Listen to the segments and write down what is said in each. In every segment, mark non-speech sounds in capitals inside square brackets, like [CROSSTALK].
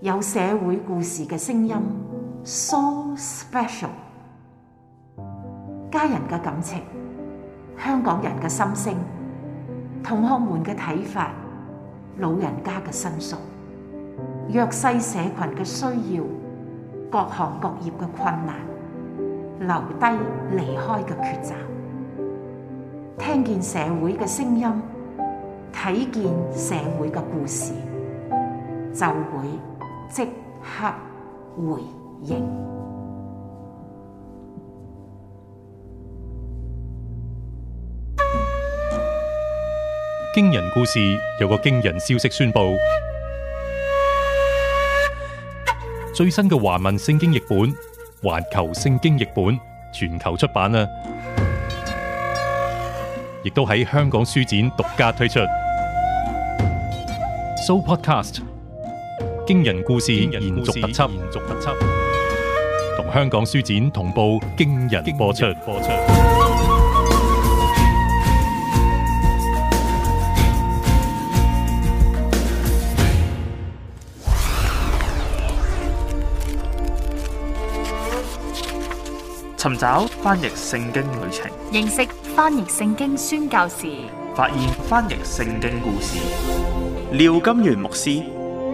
有社會故事嘅聲音，so special。家人嘅感情，香港人嘅心聲，同學們嘅睇法，老人家嘅申訴，弱勢社群嘅需要，各行各業嘅困難，留低離開嘅抉擇，聽見社會嘅聲音，睇見社會嘅故事，就會。即刻回應！驚人故事有個驚人消息宣布。 [NOISE] 最新嘅華文聖經譯本《環球聖經譯本》全球出版啊，亦都喺香港書展獨家推出。So Podcast。驚人故事延續特輯，延續特輯同香港書展同步驚人播出。尋找翻譯聖經旅程，認識翻譯聖經宣教士，發現翻譯聖經故事。廖金元牧師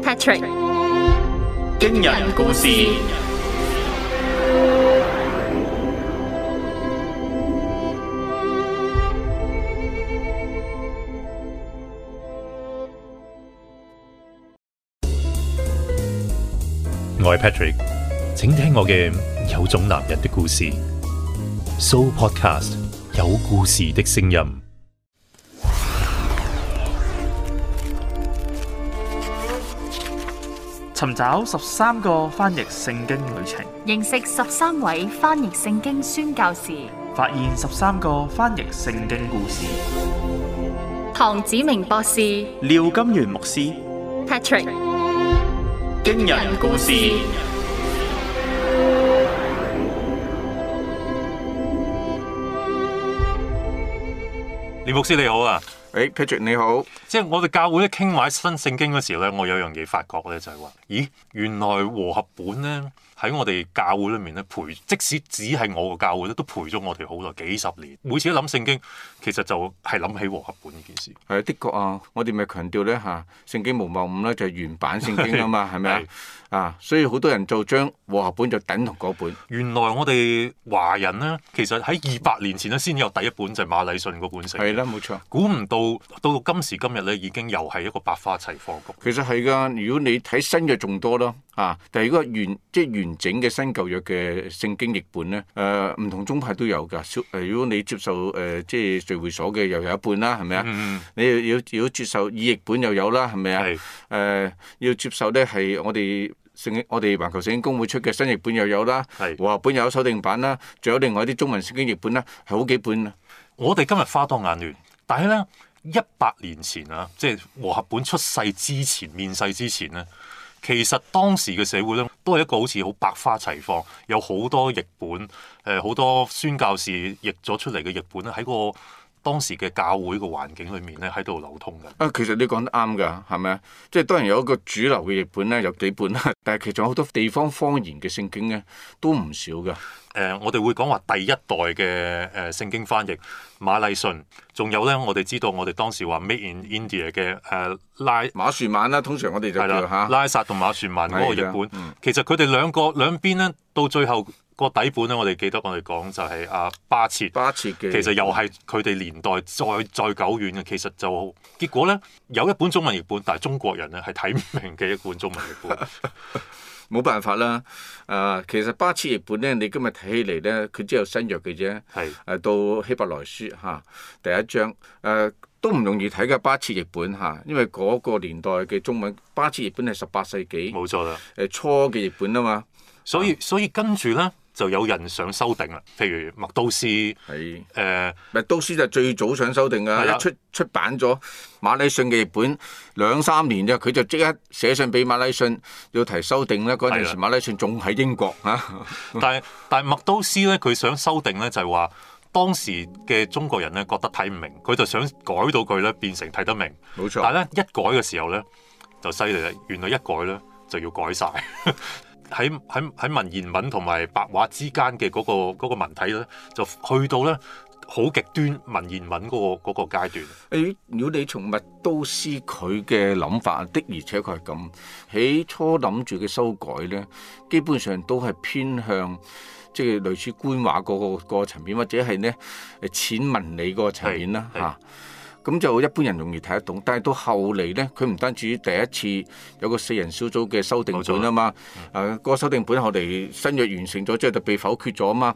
Patrick。驚人故事，我係 Patrick，請聽我嘅有種男人的故事。So Podcast 有故事的聲音。尋找十三個翻譯聖經旅程，認識十三位翻譯聖經宣教士，發現十三個翻譯聖經故事。唐子明博士，廖金元牧師，Patrick，驚人故事。李牧師你好啊！誒、hey，Patrick 你好，即係我哋教會咧傾買新聖經嘅時候咧，我有樣嘢發覺咧，就係、是、話，咦，原來和合本咧喺我哋教會裏面咧陪，即使只係我個教會咧，都陪咗我哋好耐，幾十年，每次一諗聖經，其實就係諗起和合本呢件事。係啊，的確啊，我哋咪強調咧吓、啊，聖經無謬誤咧就係、是、原版聖經啊嘛，係咪啊？啊！所以好多人就將和合本就等同嗰本。原來我哋華人咧，其實喺二百年前咧，先有第一本就係、是、馬禮遜個本。係啦，冇錯。估唔到到今時今日咧，已經又係一個百花齊放局。其實係噶，如果你睇新嘅仲多咯。啊，但係如果完即係完整嘅新舊約嘅聖經譯本咧，誒、呃、唔同宗派都有㗎。如果你接受誒、呃、即係聚會所嘅，又有一半啦，係咪啊？嗯、你要要接受意譯本又有啦，係咪啊？係是、呃。要接受咧係我哋。我哋環球聖經公會出嘅新譯本又有啦，和合本又有修訂版啦，仲有另外一啲中文聖經譯本啦，係好幾本。我哋今日花多眼亂，但係咧一百年前啊，即係和合本出世之前、面世之前咧，其實當時嘅社會咧，都係一個好似好百花齊放，有好多譯本，誒好多宣教士譯咗出嚟嘅譯本咧，喺個。當時嘅教會個環境裏面咧，喺度流通嘅。啊，其實你講得啱㗎，係咪啊？即係當然有一個主流嘅譯本咧，有幾本，但係其實有好多地方方言嘅聖經咧，都唔少嘅。誒、呃，我哋會講話第一代嘅誒、呃、聖經翻譯馬禮遜，仲有咧，我哋知道我哋當時話 Made in India 嘅誒、呃、拉馬樹曼啦、啊，通常我哋就係啦嚇拉薩同馬樹曼嗰個譯本。嗯、其實佢哋兩個兩邊咧，到最後。個底本咧，我哋記得我哋講就係阿、啊、巴切，巴切嘅，其實又係佢哋年代再再久遠嘅，其實就結果咧有一本中文譯本，但係中國人咧係睇唔明嘅一本中文譯本，冇 [LAUGHS] 辦法啦。誒、呃，其實巴切譯本咧，你今日睇起嚟咧，佢只有新約嘅啫，係誒是、呃、到希伯來書吓第一章誒、呃、都唔容易睇嘅巴切譯本吓，因為嗰個年代嘅中文巴切譯本係十八世紀，冇錯啦，誒、呃、初嘅譯本啊嘛、嗯所，所以所以跟住咧。就有人想修訂啦，譬如麥都斯喺誒，麥的、呃、都斯就最早想修訂啊！的一出出版咗馬禮遜嘅譯本兩三年啫，佢就即刻寫信俾馬禮遜要提修訂咧。嗰陣時馬禮遜仲喺英國嚇的， [LAUGHS] 但係但係麥都斯咧，佢想修訂咧就係、是、話當時嘅中國人咧覺得睇唔明，佢就想改到佢咧變成睇得明。冇錯錯，但係咧一改嘅時候咧就犀利啦，原來一改咧就要改晒。 [LAUGHS] 喺喺喺文言文同埋白話之間嘅嗰、那個那個文體，咧，就去到咧好極端文言文嗰、那個嗰、那個、階段。誒，如果你從麥都思佢嘅諗法的，而且確係咁起初諗住嘅修改咧，基本上都係偏向即係、就是、類似官話嗰、那個、那個層面，或者係咧淺文理嗰個層面啦嚇。咁就一般人容易睇得懂，但係到後嚟呢，佢唔單止第一次有個四人小組嘅修訂本啊嘛，誒個修訂本我哋新約完成咗，之後就被否決咗啊嘛，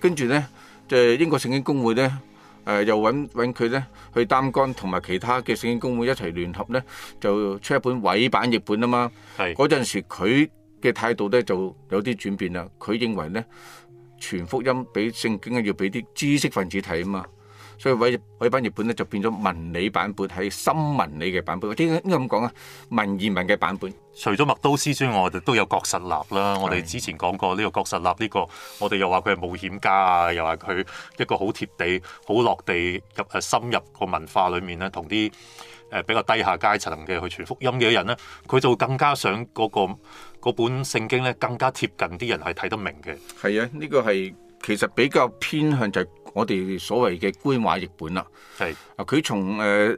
跟住呢，即英國聖經公會呢，誒、呃、又揾揾佢呢去擔綱，同埋其他嘅聖經公會一齊聯合呢，就出一本委版譯本啊嘛，係嗰陣時佢嘅態度呢就有啲轉變啦，佢認為呢，全福音俾聖經啊要俾啲知識分子睇啊嘛。所以海海翻譯本咧就變咗文理版本，係深文理嘅版本。點點解咁講啊？文言文嘅版本。除咗麥都思之外，我哋都有郭實臘啦。是我哋之前講過呢個郭實臘呢、這個，我哋又話佢係冒險家啊，又話佢一個好貼地、好落地入誒深入個文化裏面咧，同啲誒比較低下階層嘅去傳福音嘅人咧，佢就會更加想嗰、那個嗰本聖經咧，更加貼近啲人係睇得明嘅。係啊，呢、這個係其實比較偏向就係、是。我哋所謂嘅官話譯本啦，係啊是，佢從誒、呃、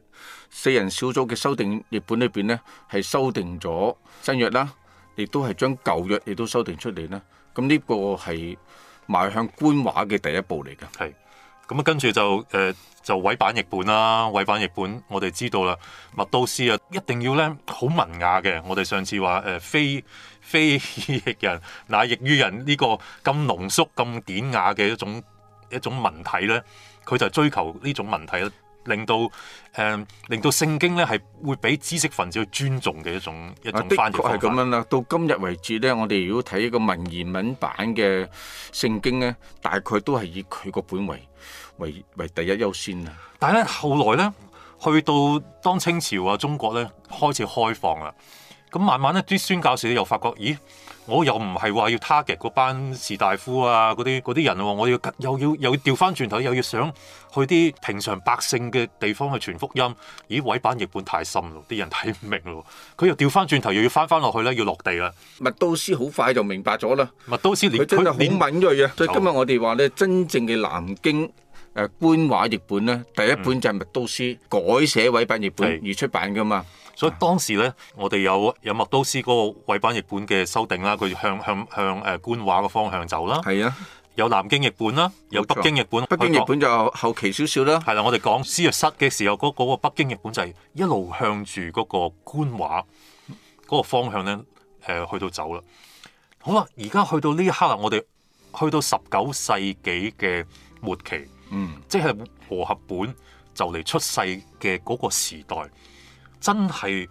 四人小組嘅修訂譯本裏邊咧，係修訂咗新約啦，亦都係將舊約亦都修訂出嚟咧。咁呢個係邁向官話嘅第一步嚟㗎。係咁啊，跟住就誒、呃、就委辦譯本啦，委辦譯本我哋知道啦，麥都斯啊，一定要咧好文雅嘅。我哋上次話誒、呃、非以役人，乃役於人呢個咁濃縮咁典雅嘅一種。一種文體咧，佢就追求呢種文體，令到誒、嗯，令到聖經咧係會俾知識分子去尊重嘅一種。啊，的確係咁樣啦。到今日為止咧，我哋如果睇一個文言文版嘅聖經咧，大概都係以佢個本為為為第一優先啦。但係咧，後來咧，去到當清朝啊，中國咧開始開放啦，咁慢慢咧啲宣教士又發覺，咦？我又唔係話要 target 嗰班士大夫啊，嗰啲啲人喎、啊，我要又要又調翻轉頭，又要想去啲平常百姓嘅地方去傳福音。咦，委辦譯本太深咯，啲人睇唔明咯。佢又調翻轉頭，又要翻翻落去咧，要落地啦。麥都斯好快就明白咗啦。麥都斯連佢真係好敏鋭啊。所以今日我哋話咧，真正嘅南京。誒官、呃、話譯本咧，第一本就係麥都斯、嗯、改寫委辦譯本而出版㗎嘛。所以當時咧，我哋有有麥都斯嗰個委辦譯本嘅修訂啦，佢向向向誒官、呃、話嘅方向走啦。係啊，有南京譯本啦，冇錯有北京譯本。北京譯本，說本就後期少少啦。係啦、啊，我哋講施約瑟嘅時候，嗰、嗰個北京譯本就係一路向住嗰個官話嗰個方向咧，誒、呃、去到走啦。好啦，而家去到呢一刻啊，我哋去到十九世紀嘅末期。嗯，即係和合本就嚟出世嘅嗰個時代，真係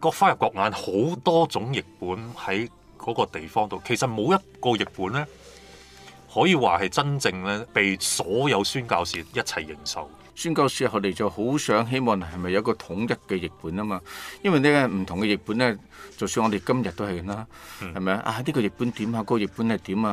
各花入各眼，好多種譯本喺嗰個地方度。其實冇一個譯本咧，可以話係真正咧被所有宣教士一齊認受。宣教士我哋就好想希望係咪有個統一嘅譯本啊嘛，因為咧唔同嘅譯本咧，就算我哋今日都係啦，係咪、嗯、啊？啊、這、呢個譯本點啊，嗰、這個譯本係點啊？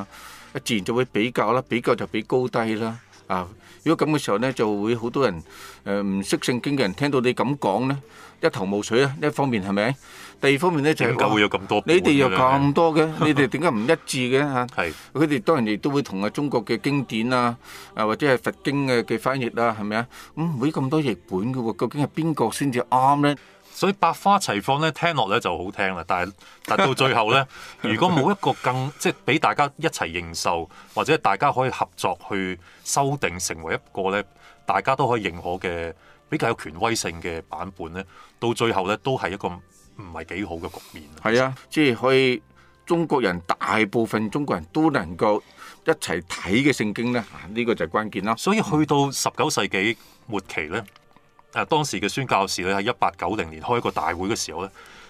啊自然就會比較啦，比較就比高低啦。啊！如果咁嘅時候咧，就會好多人誒唔識聖經嘅人聽到你咁講咧，一頭霧水啊！一方面係咪？第二方面咧就係、是、咁會有咁多，你哋有咁多嘅， [LAUGHS] 你哋點解唔一致嘅嚇？係、啊，佢哋是當然亦都會同啊中國嘅經典啊，啊或者係佛經嘅嘅翻譯啊，係咪啊？咁、嗯、唔會咁多譯本嘅喎，究竟係邊個先至啱咧？所以百花齊放咧，聽落咧就好聽啦。但係，但到最後咧， [LAUGHS] 如果冇一個更即係俾大家一齊認受，或者大家可以合作去修訂成為一個咧，大家都可以認可嘅比較有權威性嘅版本咧，到最後咧都係一個唔係幾好嘅局面。係啊，即係去中國人大部分中國人都能夠一齊睇嘅聖經咧，呢、這個就係關鍵啦。所以去到十九世紀末期咧。誒當時嘅宣教士咧，喺一八九零年開一個大會嘅時候咧，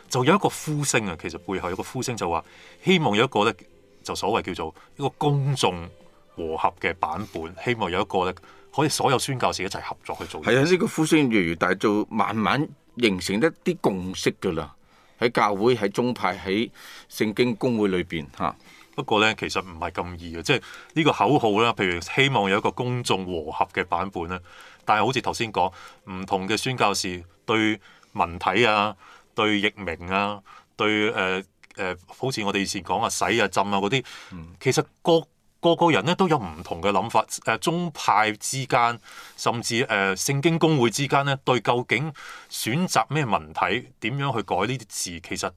就有一個呼聲啊！其實背後有一個呼聲就，就話希望有一個咧，就所謂叫做一個公眾和合嘅版本，希望有一個咧可以所有宣教士一齊合作去做。係啊，呢、這個呼聲越嚟越大，就慢慢形成一啲共識噶啦。喺教會、喺宗派、喺聖經公會裏邊嚇。啊、不過咧，其實唔係咁易嘅，即係呢個口號啦。譬如希望有一個公眾和合嘅版本咧。但係好似頭先講，唔同嘅宣教士對文體啊、對譯名啊、對誒誒、呃，好似我哋以前講啊，洗啊浸啊嗰啲，其實各個，個個人咧都有唔同嘅諗法。誒、呃、宗派之間，甚至誒呃、聖經公會之間咧，對究竟選擇咩文體、點樣去改呢啲字，其實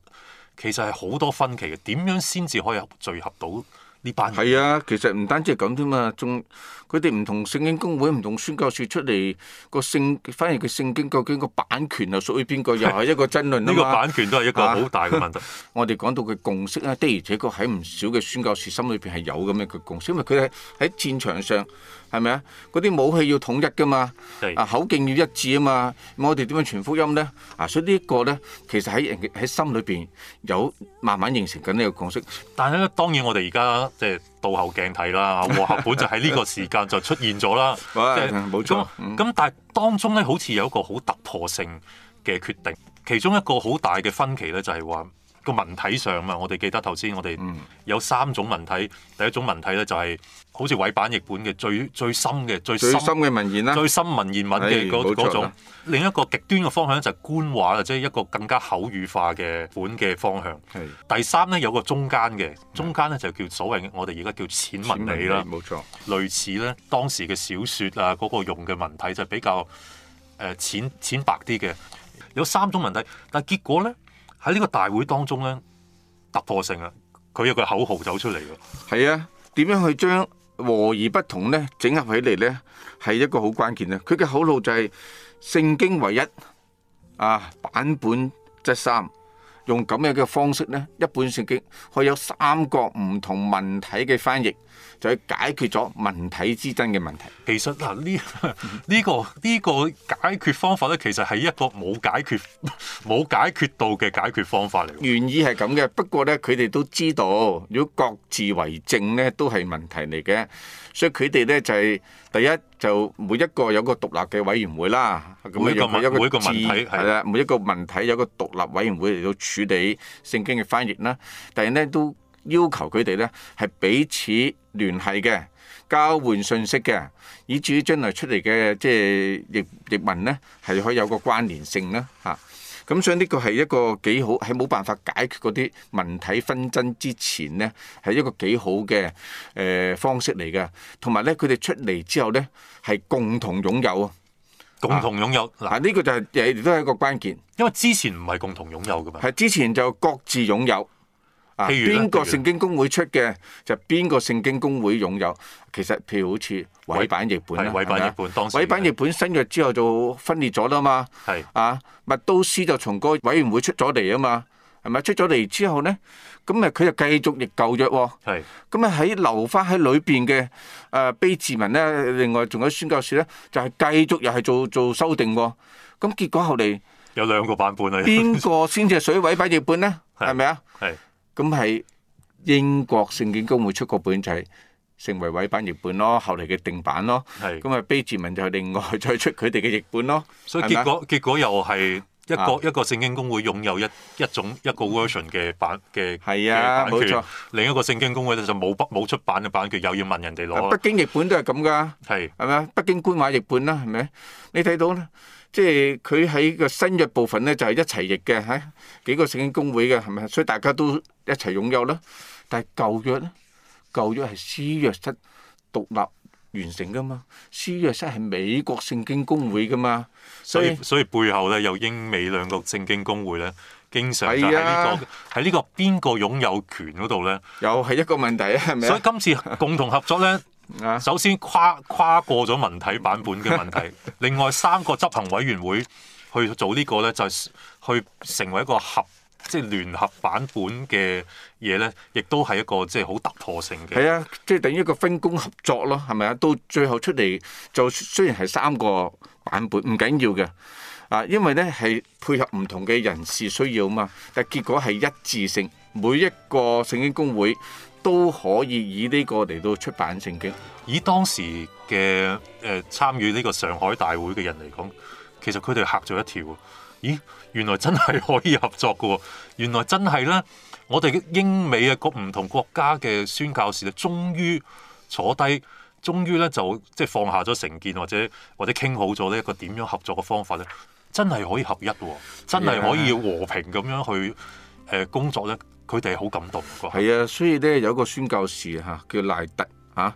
其實係好多分歧嘅。點樣先至可以聚合到呢班人？係啊，其實唔單止係咁啫嘛，宗。佢哋唔同聖經公會唔同宣教士出嚟個聖，反而佢聖經究竟個版權又屬於邊個，又係一個爭論呢 [LAUGHS] 個版權都係一個好大嘅問題。啊、我哋講到佢共識咧，的而且確喺唔少嘅宣教士心裏邊係有咁樣嘅共識，因為佢喺戰場上係咪啊？嗰啲武器要統一噶嘛，對啊口徑要一致啊嘛。咁我哋點樣傳福音咧？啊，所以呢一個咧，其實喺人喺心裏邊有慢慢形成緊呢個共識。但係咧，當然我哋而家即係。倒後鏡睇啦，和合本就喺呢個時間就出現咗啦，咁但係當中呢，好似有一個好突破性嘅決定，其中一個好大嘅分歧呢，就係、是、話個文體上啊。我哋記得頭先我哋有三種文體，嗯、第一種文體呢，就係、是。好似委版譯本嘅最最深嘅最深嘅文言啦、啊，最深文言文嘅嗰、啊、種。另一個極端嘅方向就係官話啦，即、就、係、是、一個更加口語化嘅本嘅方向。的第三咧有個中間嘅，中間咧就叫所謂我哋而家叫淺文理啦，冇錯。錯類似咧當時嘅小説啊，嗰、那個用嘅文體就比較誒、呃、淺淺白啲嘅。有三種文體，但係結果咧喺呢個大會當中咧突破性啊，佢有個口號走出嚟咯。係啊，點樣去將？和而不同咧，整合起嚟咧，係一個好關鍵啊！佢嘅口號就係、是、聖經唯一啊版本則三，用咁樣嘅方式咧，一本聖經可以有三個唔同文體嘅翻譯。就係解決咗文體之爭嘅問題。其實嗱，呢、啊、呢、呢個呢、呢個解決方法咧，其實係一個冇解決冇解決到嘅解決方法嚟。原意係咁嘅，不過咧，佢哋都知道，如果各自為政咧，都係問題嚟嘅。所以佢哋咧就係、是、第一就每一個有個獨立嘅委員會啦。每個每一個字係啦，每一個文體有個獨立委員會嚟到處理聖經嘅翻譯啦。但係咧都。要求佢哋呢係彼此聯繫嘅，交換信息嘅，以至於將來出嚟嘅即係譯文呢係可以有個關聯性啦嚇。咁、啊嗯、所以呢個係一個幾好喺冇辦法解決嗰啲文體紛爭之前、呃、呢，係一個幾好嘅誒方式嚟嘅。同埋呢，佢哋出嚟之後呢，係共同擁有，啊、共同擁有嗱呢、啊啊呢個就係、是、亦都係一個關鍵，因為之前唔係共同擁有噶嘛，係之前就各自擁有。啊！邊個聖經公會出嘅就邊個聖經公會擁有？其實譬如好似委辦譯本啦，委辦譯本委辦譯本新約之後就分裂咗啦嘛。係啊，麥都斯就從個委員會出咗嚟啊嘛，係咪出咗嚟之後咧？咁啊，佢就繼續譯舊約。係咁啊，喺留返喺裏邊嘅誒裨治文咧，另外仲有宣教士咧，就係繼續又係做做修訂。咁結果後嚟有兩個版本啊。邊個先至係委辦譯本咧？係咪啊？係。咁係英國聖經公會出個本就係成為委辦譯本咯，後嚟嘅定版咯。咁啊是，裨治文就，就另外再出佢哋嘅譯本咯。所以結果是是結果又係一個、啊、一個聖經公會擁有一一種一個 version 嘅版嘅係啊，冇權錯。另一個聖經公會就冇冇出版嘅版權，又要問人哋攞。北京譯本都係咁噶，係係咪啊？北京官話譯本啦，係咪？你睇到咧。即係佢喺個新約部分咧，就係一齊譯嘅喺幾個聖經公會嘅，係咪？所以大家都一齊擁有啦。但係舊約咧，舊約係施約瑟獨立完成㗎嘛？施約瑟係美國聖經公會㗎嘛？所以所以背後咧，有英美兩個聖經公會咧，經常喺呢個喺呢個邊個擁有權嗰度咧，又係一個問題啊，係咪？所以今次共同合作咧。首先跨跨過咗文體版本嘅問題， [LAUGHS] 另外三個執行委員會去做呢個呢就係、去成為一個合即係聯合版本嘅嘢呢亦都係一個即係好突破性嘅。係啊，即、就、係、係、等於一個分工合作咯，係咪啊？到最後出嚟就雖然係三個版本，唔緊要嘅啊，因為呢係配合唔同嘅人士需要啊嘛，但係結果係一致性，每一個聖經公會。都可以以呢個嚟到出版聖經。以當時嘅誒參與呢個上海大會嘅人嚟講，其實佢哋嚇咗一跳，咦，原來真係可以合作嘅。哦，原來真係呢，我哋英美啊個唔同國家嘅宣教士咧，終於坐低，終於呢就即係放下咗成見，或者或者傾好咗呢一個點樣合作嘅方法呢，真係可以合一。哦，真係可以和平咁樣去誒、呃、工作咧。佢哋好感動啩，係啊，所以咧有個宣教士嚇叫賴特嚇，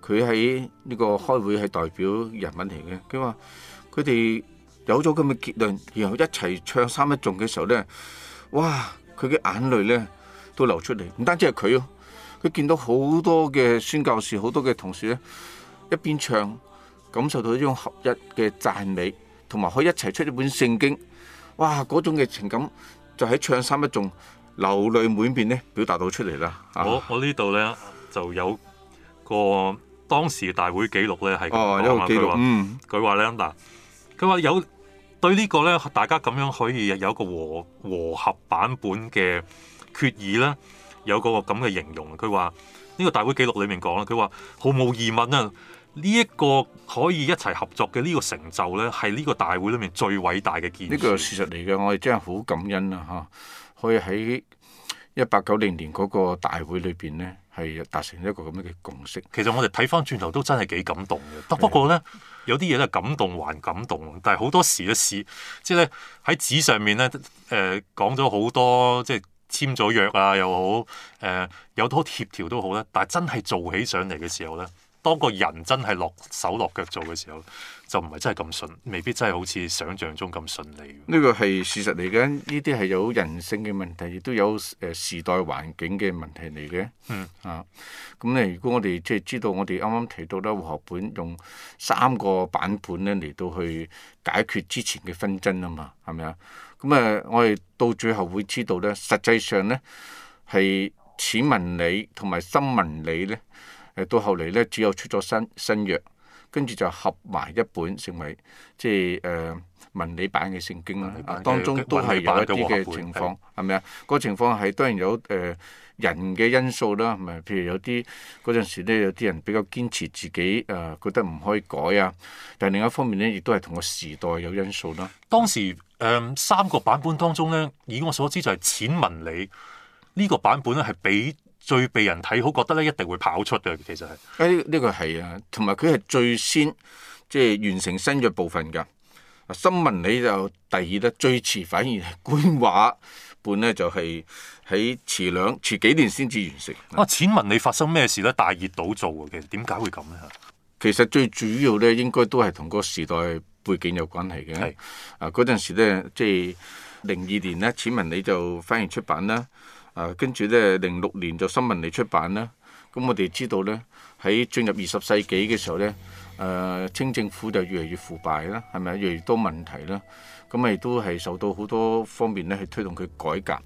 佢喺呢個開會係代表人民嚟嘅。佢話佢哋有咗咁嘅結論，然後一齊唱三一眾嘅時候呢，哇！佢嘅眼淚呢都流出嚟，唔單止係佢啊。佢見到好多嘅宣教士，好多嘅同事呢一邊唱，感受到呢種合一嘅讚美，同埋可以一齊出一本聖經，哇！嗰種嘅情感就喺唱三一眾。流淚滿面咧，表達到出嚟啦，啊！我我呢度咧就有個當時大會記錄咧，係哦一個記錄，嗯，佢話咧嗱，佢話有對個呢個咧，大家咁樣可以有一個和和合版本嘅決議咧，有個咁嘅形容。佢話呢個大會記錄裡面講啦，佢話毫無疑問啊，呢、這、一個可以一齊合作嘅呢個成就咧，係呢個大會裏面最偉大嘅建議。呢個事實嚟嘅，我哋真係好感恩啊！嚇～可以喺一八九零年嗰個大會裏邊咧，係達成一個咁樣嘅共識。其實我哋睇翻轉頭都真係幾感動嘅。不過咧，有啲嘢咧感動還感動，但係好多時嘅事，即係咧喺紙上面咧，誒、呃、講咗好多，即係簽咗約啊又好，誒、呃、有好多協調都好咧。但係真係做起上嚟嘅時候咧，當個人真係落手落腳做嘅時候。就唔係真係咁順，未必真係好似想像中咁順利。呢個係事實嚟嘅，呢啲係有人性嘅問題，亦都有誒時代環境嘅問題嚟嘅。嗯。啊，咁咧，如果我哋即係知道，我哋啱啱提到咧，和合本用三個版本咧嚟到去解決之前嘅紛爭啊嘛，係咪啊？咁啊，我哋到最後會知道咧，實際上咧係淺文理同埋深文理咧，誒到後嚟咧只有出咗新新約。跟住就合埋一本，成為即係誒、呃、文理版嘅聖經，啊，當中都係有一啲嘅情況，係咪啊？是是嗰情況係當然有誒人嘅因素啦，係咪譬如有啲嗰陣時咧，有啲人比較堅持自己誒覺得唔可以改啊。但係另一方面咧，亦都係同個時代有因素啦。當時誒、呃、三個版本當中咧，以我所知就係淺文理呢、呢個版本咧，係比，最被人睇好，覺得咧一定會跑出嘅，其實係誒呢個係啊，同埋佢係最先即係、就是、完成新嘅部分噶。新文理就第二得最遲，反而係官話本咧就係喺遲兩遲幾年先至完成。哇、啊！淺文理發生咩事咧？大熱倒灶嘅，點解會咁咧？其實最主要咧，應該都係同個時代背景有關係嘅。是啊，嗰陣時咧，即係零二年咧，淺文理就反而出版啦。啊，跟住咧，零六年就新聞嚟出版啦。咁我哋知道咧，喺進入二十世紀嘅時候咧，誒、呃、清政府就越嚟越腐敗啦，係咪？越嚟越多問題啦。咁亦都係受到好多方面咧，去推動佢改革。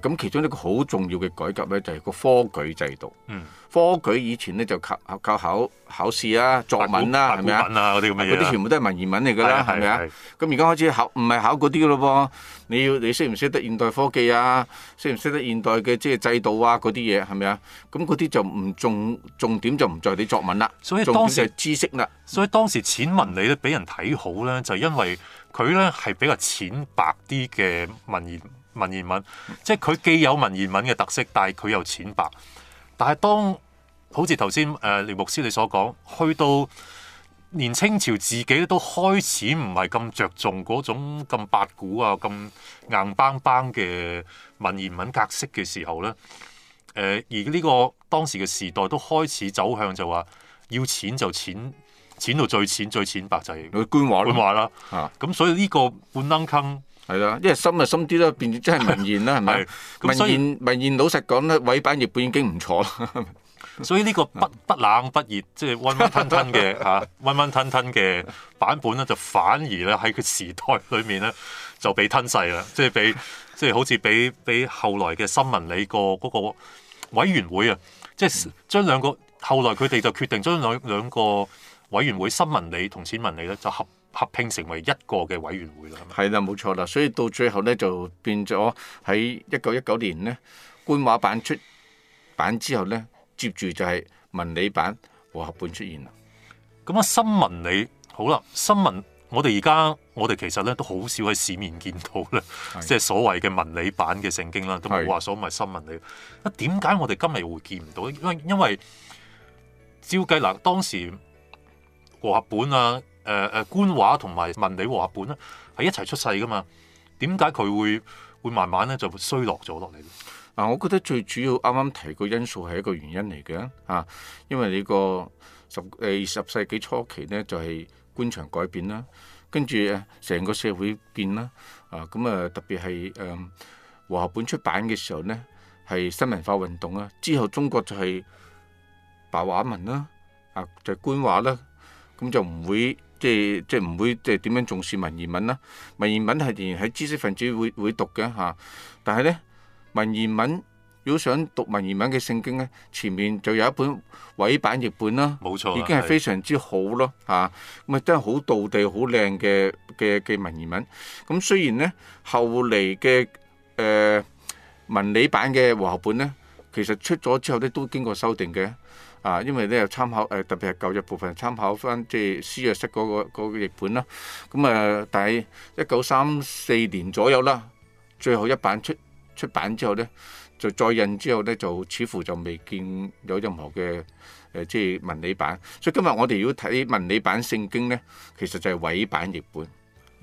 咁其中一個好重要嘅改革咧，就係個科舉制度。嗯，科舉以前咧就靠，靠考考考試啊、作文啦，係咪啊？嗰啲、啊、全部都係文言文嚟㗎啦，係咪啊？咁而家開始考，唔係考嗰啲㗎咯噃。你要你識唔識得現代科技啊？識唔識得現代嘅即係制度啊？嗰啲嘢係咪啊？咁嗰啲就唔重重點就唔在你作文啦。所以當時係知識啦，所以當時淺文理咧，俾人睇好咧，就因為佢咧係比較淺白啲嘅文言。文言文，即係佢既有文言文嘅特色，但係佢又淺白。但係當好似頭先誒李牧師你所講，去到年清朝自己都開始唔係咁着重嗰種咁八股啊、咁硬邦邦嘅文言文格式嘅時候咧，誒、呃、而呢個當時嘅時代都開始走向就話要淺就淺，淺到最淺最淺白就係佢官話官話啦。嚇！咁、啊、所以呢、這個半愣坑。係啦，因為深啊深啲啦，變咗真係文言啦，係咪？文言以文言老實講咧，委辦譯本已經唔錯啦。所以呢個不 [LAUGHS] 不冷不熱，即係温温吞吞嘅嚇，温温、 [LAUGHS] 啊、吞吞嘅版本咧，就反而咧喺佢時代裏面咧就被吞噬啦，即係 [LAUGHS] 被即係、就是、好似俾俾後來嘅深文理、那個嗰、那個委員會啊，即、就、係、是、將兩個 [LAUGHS] 後來佢哋就決定將兩兩個委員會深文理同淺文理咧就合。合併成為一個嘅委員會啦，係咪？係啦，冇錯啦，所以到最後咧就變咗喺一九一九年咧官話版出版之後咧，接住就係文理版和合本出現啦。咁啊、嗯，新文理好啦，新文我哋而家我哋其實咧都好少喺市面見到啦，即係所謂嘅文理版嘅聖經啦，都冇話所謂新文理。啊，點解我哋今日會見唔到？因為因為照計嗱，當時和合本啊。誒誒、呃、官話同埋文理和合本咧，係一齊出世噶嘛？點解佢會會慢慢咧就衰落咗落嚟咧？我覺得最主要啱啱提個因素係一個原因嚟嘅嚇，因為你個十誒二十世紀初期咧就係、是、官場改變啦，跟住成個社會變啦，啊咁啊特別係誒和合本出版嘅時候咧係新文化運動啦。之後中國就係白話文啦，啊就係、官話啦，咁、嗯、就唔會。即係唔會即係點樣重視文言文啦、啊？文言文係仍然喺知識分子會會讀嘅嚇、啊。但係呢，文言文如果想讀文言文嘅聖經咧，前面就有一本委辦譯本啦、啊，冇錯、啊，已經係非常之好咯嚇。咁咪都係好道地、好靚嘅嘅嘅文言文。咁雖然呢，後嚟嘅誒文理版嘅和合本呢，其實出咗之後咧都經過修訂嘅。啊，因為咧又參考誒、呃，特別係舊約部分參考返，即係施約瑟嗰個嗰個譯本啦。咁啊，但係一九三四年左右啦，最後一版出出版之後咧，就再印之後咧，就似乎就未見有任何嘅誒、呃，即係文理版。所以今日我哋要睇文理版聖經咧，其實就係委辦譯本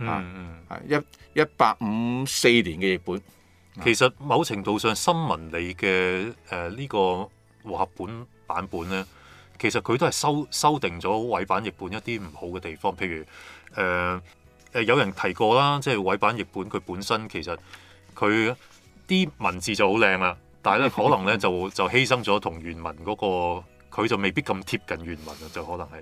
啊，嗯嗯、一一八五四年嘅譯本，其實某程度上新文理嘅誒呢個合本。嗯版本咧，其實佢都係修修訂咗委辦譯本一啲唔好嘅地方，譬如誒誒、呃，有人提過啦，即係委辦譯本佢本身其實佢啲文字就好靚啦，但係咧可能咧就就犧牲咗同原文嗰、那個，佢就未必咁貼近原文嘅，就可能係誒、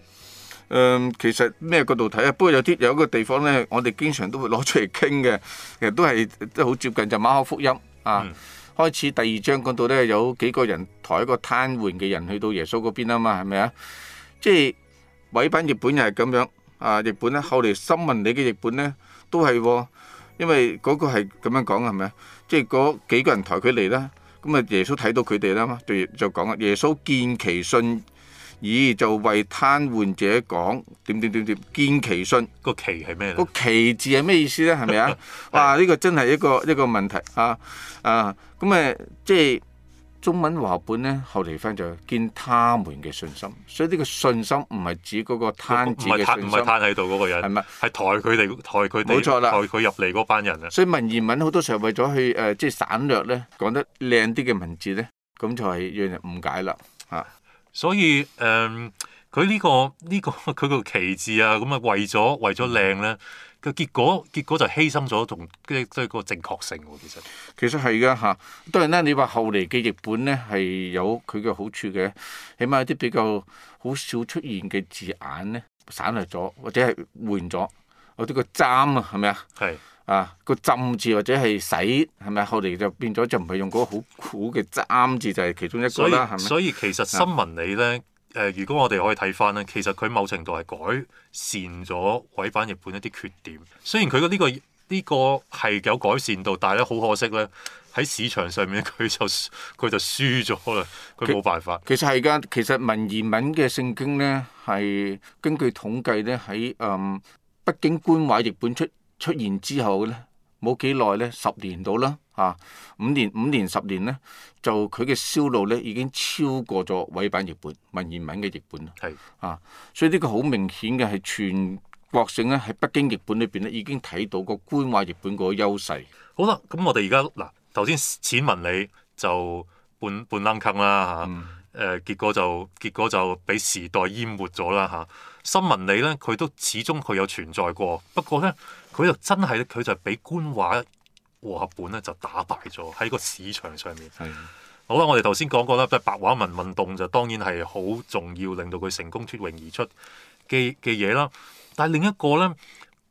嗯，其實咩角度睇啊？不過有啲有一個地方咧，我哋經常都會攞出嚟傾嘅，其實都係都好接近，就馬可福音啊。嗯。開始第二章講到咧，有幾個人抬一個癱瘓嘅人去到耶穌嗰邊啊嘛，係咪啊？即係委辦譯本又係咁樣啊，譯本咧，後嚟新文理嘅譯本咧都係、哦，因為嗰個係咁樣講係咪啊？即係嗰幾個人抬佢嚟啦，咁啊耶穌睇到佢哋啦嘛，就就講啊，耶穌見其信。咦？就為癱瘓者講點點點點，見其信個其係咩咧？個其字係咩意思咧？係咪啊？ [LAUGHS] 哇！呢、這個真係一個一個問題啊！啊！咁、嗯、誒，即係中文話本咧，後嚟翻就見他們嘅信心。所以呢個信心唔係指嗰個癱子嘅信心，唔係癱喺度嗰個人，係咪？係抬佢哋，抬佢哋，冇錯啦，抬佢入嚟嗰班人啊！所以文言文好多時候為咗去誒，即係省略咧，講得靚啲嘅文字咧，咁就係讓人誤解啦啊！所以誒，佢、嗯、呢、這個呢、這個佢個旗字啊，咁啊為咗為咗靚咧，個結果結果就犧牲咗同即係對個正確性喎，其實、啊、其實係噶嚇。當然啦，你話後嚟嘅譯本咧係有佢嘅好處嘅，起碼啲比較好少出現嘅字眼咧，省略咗或者係換咗，有啲個針啊，係咪啊？係。啊、那個浸字或者係洗，係咪？後嚟就變咗就唔係用嗰個好苦嘅浸字，就係、是、其中一個啦。係所，以嗎所以其實新文理咧，誒、呃，如果我哋可以睇翻咧，其實佢某程度係改善咗委辦譯本一啲缺點。雖然佢呢、這個呢、這個係有改善到，但係咧好可惜咧，喺市場上面佢就佢就輸咗啦。佢冇辦法。其，其實係㗎，其實文言文嘅聖經咧，係根據統計咧，喺嗯北京官話譯本出。出現之後咧，冇幾耐咧，十年到啦，嚇、啊、五年五年十年咧，就佢嘅銷路咧已經超過咗委版譯本文言文嘅譯本啦，是啊，所以呢個好明顯嘅係全國性咧，喺北京譯本裏邊咧已經睇到個官話譯本個優勢。好啦，咁我哋而家嗱，頭先淺文理就半半冷坑啦嚇，誒、啊、結果就結果就俾時代淹沒咗啦嚇。新文理咧，佢都始終佢有存在過，不過咧。佢就真係，佢就俾官話和合本咧就打敗咗喺個市場上面。係的，好啦，我哋頭先講過啦，白話文運動就當然係好重要，令到佢成功脫穎而出嘅嘅嘢啦。但係另一個咧，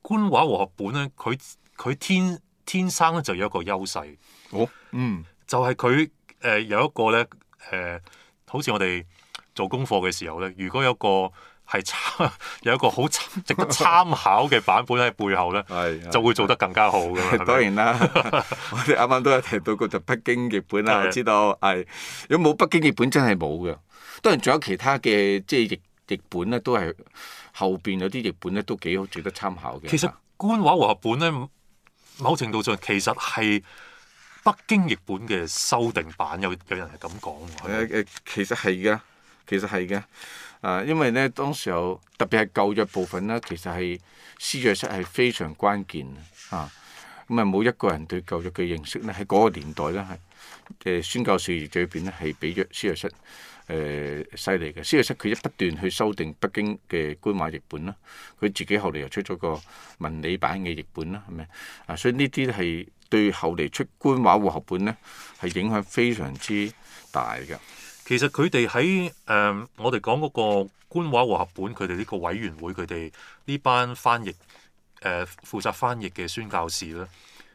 官話和合本咧，佢佢天天生咧就有一個優勢。好、哦，嗯，就係佢誒有一個咧誒、呃，好似我哋做功課嘅時候咧，如果有個。係參 [LAUGHS] 有一個好值得參考嘅版本喺背後咧， [LAUGHS] 哎、呀就會做得更加好噶。當然啦，我哋啱啱都有提到過就北京嘅本啦，我知道係。如果冇北京嘅本，真係冇嘅。當然仲有其他嘅即係譯譯本咧，都係後邊有啲譯本咧都幾好值得參考嘅。其實官話和合本咧，某程度上其實係北京譯本嘅修訂版，有有人係咁講。誒其實係嘅，其實係嘅。啊，因為咧，當時候特別係舊約部分咧，其實係施約瑟係非常關鍵啊。咁啊，冇一個人對舊約嘅認識咧，喺嗰個年代咧係誒宣教事業裏邊咧係比施約瑟誒犀利嘅。施約瑟佢一不斷去修訂北京嘅官話譯本啦，佢自己後嚟又出咗個文理版嘅譯本啦，係咪啊？所以呢啲係對後嚟出官話和合本咧係影響非常之大嘅。其實佢哋喺誒，我哋講嗰個官話和合本，佢哋呢個委員會，佢哋呢班翻譯誒、呃、負責翻譯嘅宣教士咧，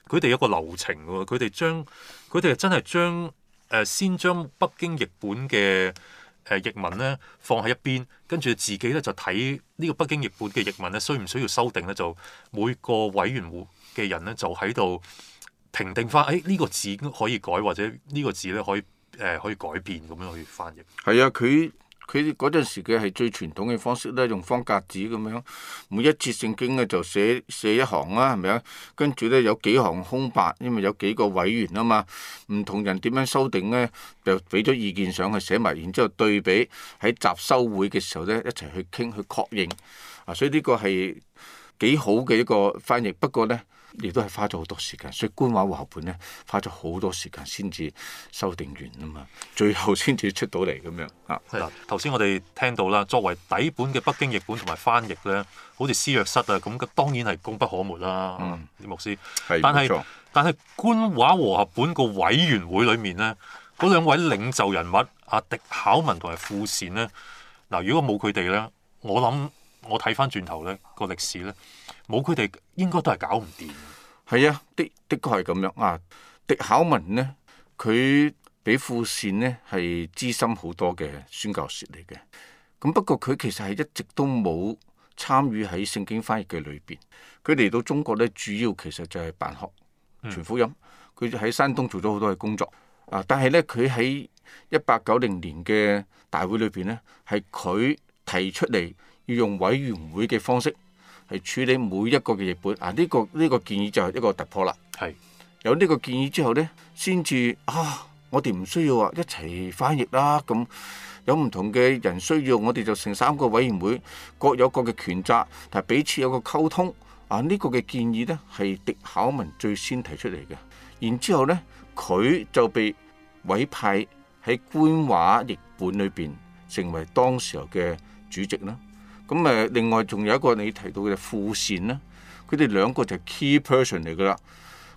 佢哋有個流程喎，佢哋將佢哋真係將誒、呃、先將北京譯本嘅誒、呃、譯文咧放喺一邊，跟住自己咧就睇呢個北京譯本嘅譯文咧需唔需要修訂咧，就每個委員會嘅人咧就喺度評定翻，誒、哎、呢、呢個字可以改或者呢個字咧可以。誒、呃、可以改變咁樣去翻譯。係啊，佢佢嗰陣時嘅係最傳統嘅方式咧，用方格紙咁樣，每一節聖經咧就寫寫一行啦，係咪啊？跟住咧有幾行空白，因為有幾個委員啊嘛，唔同人點樣修訂咧，就俾咗意見上去寫埋，然之後對比喺集修會嘅時候咧一齊去傾去確認啊，所以呢個係幾好嘅一個翻譯。不過咧。亦都係花咗好多時間，所以官話和合本咧花咗好多時間先至修訂完啊嘛，最後先至出到嚟咁樣啊。頭先是我哋聽到啦，作為底本嘅北京譯本同埋翻譯咧，好似施約瑟啊咁，咁當然係功不可沒啦。嗯、牧師，但係但係官話和合本個委員會裏面咧，嗰兩位領袖人物阿、啊、狄考文同埋富善咧，嗱，如果冇佢哋咧，我諗我睇翻轉頭咧、嗰個歷史咧。冇佢哋，應該都係搞唔掂。係啊，的的確係咁樣啊。狄考文咧，佢比富善咧係資深好多嘅宣教士嚟嘅。咁不過佢其實係一直都冇參與喺聖經翻譯嘅裏邊。佢嚟到中國咧，主要其實就係辦學全福音。佢就喺山東做咗好多嘅工作啊。但係咧，佢喺一八九零年嘅大會裏邊咧，係佢提出嚟要用委員會嘅方式。係處理每一個嘅譯本，啊呢、這個呢、這個建議就係一個突破啦。係是有呢個建議之後呢，先至啊，我哋唔需要話一齊翻譯啦。咁、嗯、有唔同嘅人需要，我哋就成三個委員會各有各嘅權責，但係彼此有個溝通。啊呢、這個嘅建議呢，係狄考文最先提出嚟嘅，然之後呢，佢就被委派喺官話譯本裏邊成為當時候嘅主席啦。咁誒，另外仲有一個你提到嘅富善咧、啊，佢哋兩個就係 key person 嚟噶啦。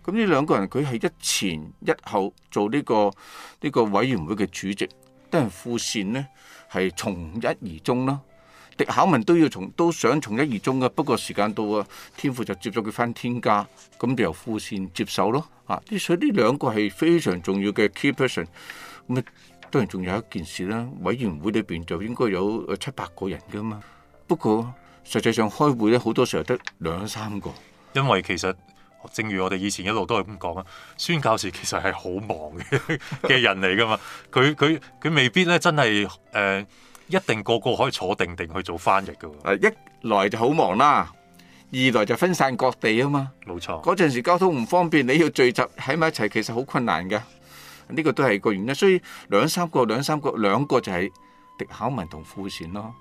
咁呢兩個人佢係一前一後做呢、這個呢個、呢個委員會嘅主席，當然富善呢，係從一而終咯、啊。狄考文都要從都想從一而終噶、啊，不過時間到啊，天父就接咗佢翻天家，咁就由富善接手咯。啊，所以呢兩個係非常重要嘅 key person。咁啊，當然仲有一件事啦、啊，委員會裏邊就應該有七八個人噶嘛。不過，實際上開會咧，好多時候得兩三個。因為其實，正如我哋以前一路都係咁講啊，宣教士其實係好忙嘅人嚟㗎嘛。佢佢佢未必咧真係誒、呃、一定個個可以坐定定去做翻譯嘅。誒，一來就好忙啦，二來就分散各地啊嘛。冇錯錯，嗰陣時交通唔方便，你要聚集喺埋一齊，其實好困難嘅。呢、這個都係個原因。所以兩三個、兩三個、兩個就係狄考文同富善咯。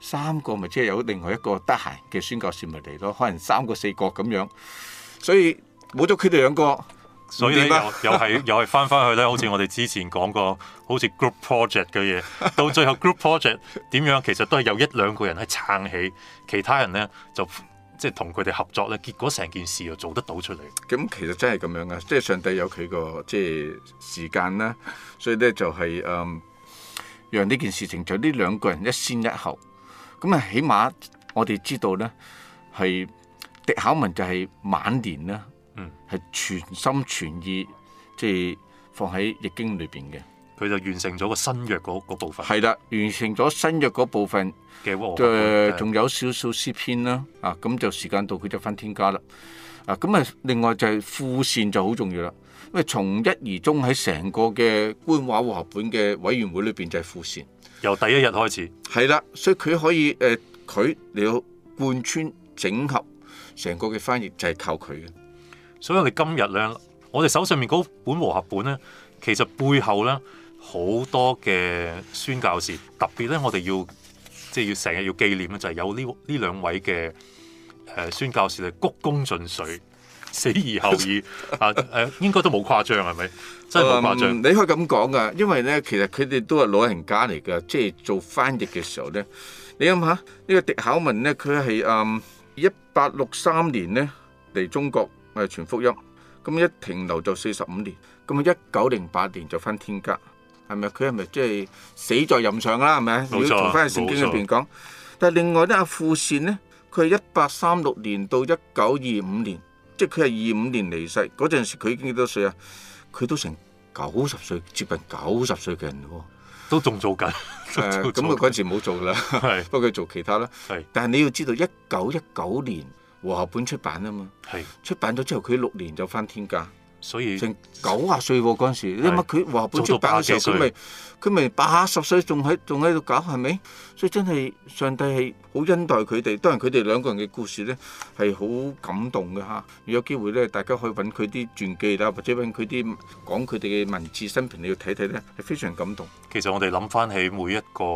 三個咪即係有另外一個得閒嘅宣教士咪嚟咯，可能三個四個咁樣，所以冇咗佢哋兩個，所以行 [LAUGHS] 又係又係翻翻去咧，好似我哋之前講過好似 group project 嘅嘢，到最後 group project 點樣其實都係有一兩個人係撐起其他人咧，就即係同佢哋合作咧，結果成件事又做得到出嚟。咁其實真係咁樣嘅，即係上帝有佢個即係時間啦，所以咧就係嗯，讓呢件事情就呢兩個人一先一後。咁啊，起碼我哋知道咧，係狄考文就係晚年咧，係全心全意即係放喺譯經裏邊嘅，佢就完成咗個新約嗰部分。係啦，完成咗新約嗰部分嘅，仲有少少詩篇啦，啊，咁就時間到，佢就返天家啦。啊，咁啊，另外就係富善就好重要啦，因為從一而終喺成個嘅官話和合本嘅委員會裏邊就係富善。由第一日開始，係啦，所以佢可以誒，佢、呃、你要貫穿整合成個嘅翻譯就係、是、靠佢嘅。所以我哋今日咧，我哋手上面嗰本和合本咧，其實背後咧，好多嘅宣教士，特別咧我哋要即係要成日要紀念咧，就係、是、有呢呢兩位嘅誒宣教士嘅鞠躬盡瘁。死而後已啊！誒、 [LAUGHS] [LAUGHS] 嗯，應該都冇誇張係咪？真係冇誇張，你可以咁講噶，因為咧，其實佢哋都係老人家嚟嘅，即係做翻譯嘅時候咧。你諗下呢、呢個狄考文咧，佢係誒一八六三年咧嚟中國誒傳福音，咁一停留就四十五年，咁一九零八年就翻天家，係咪佢係咪即係死在任上啦？係咪？冇同翻去聖經入邊講。錯但係另外咧，阿富善咧，佢係一八三六年到一九二五年。即係佢係二五年離世，嗰陣時佢已經幾多歲啊？佢都成九十歲，接近九十歲嘅人喎，都仲做緊。咁佢嗰陣時冇做啦， [LAUGHS] 是不過佢做其他啦。是但係你要知道，一九一九年和合本出版啊嘛，是出版咗之後，佢六年就返天家。所以成九十歲喎嗰陣時，是你乜佢到《和合本》出版嘅時候，佢咪佢咪八十歲仲喺仲喺度搞係咪？所以真係上帝係好恩待佢哋，當然佢哋兩個人嘅故事呢係好感動嘅嚇。如果有機會呢，大家可以揾佢啲傳記啊，或者揾佢啲講佢哋嘅文字生平，你要睇睇呢，係非常感動。其實我哋諗翻起每一個誒、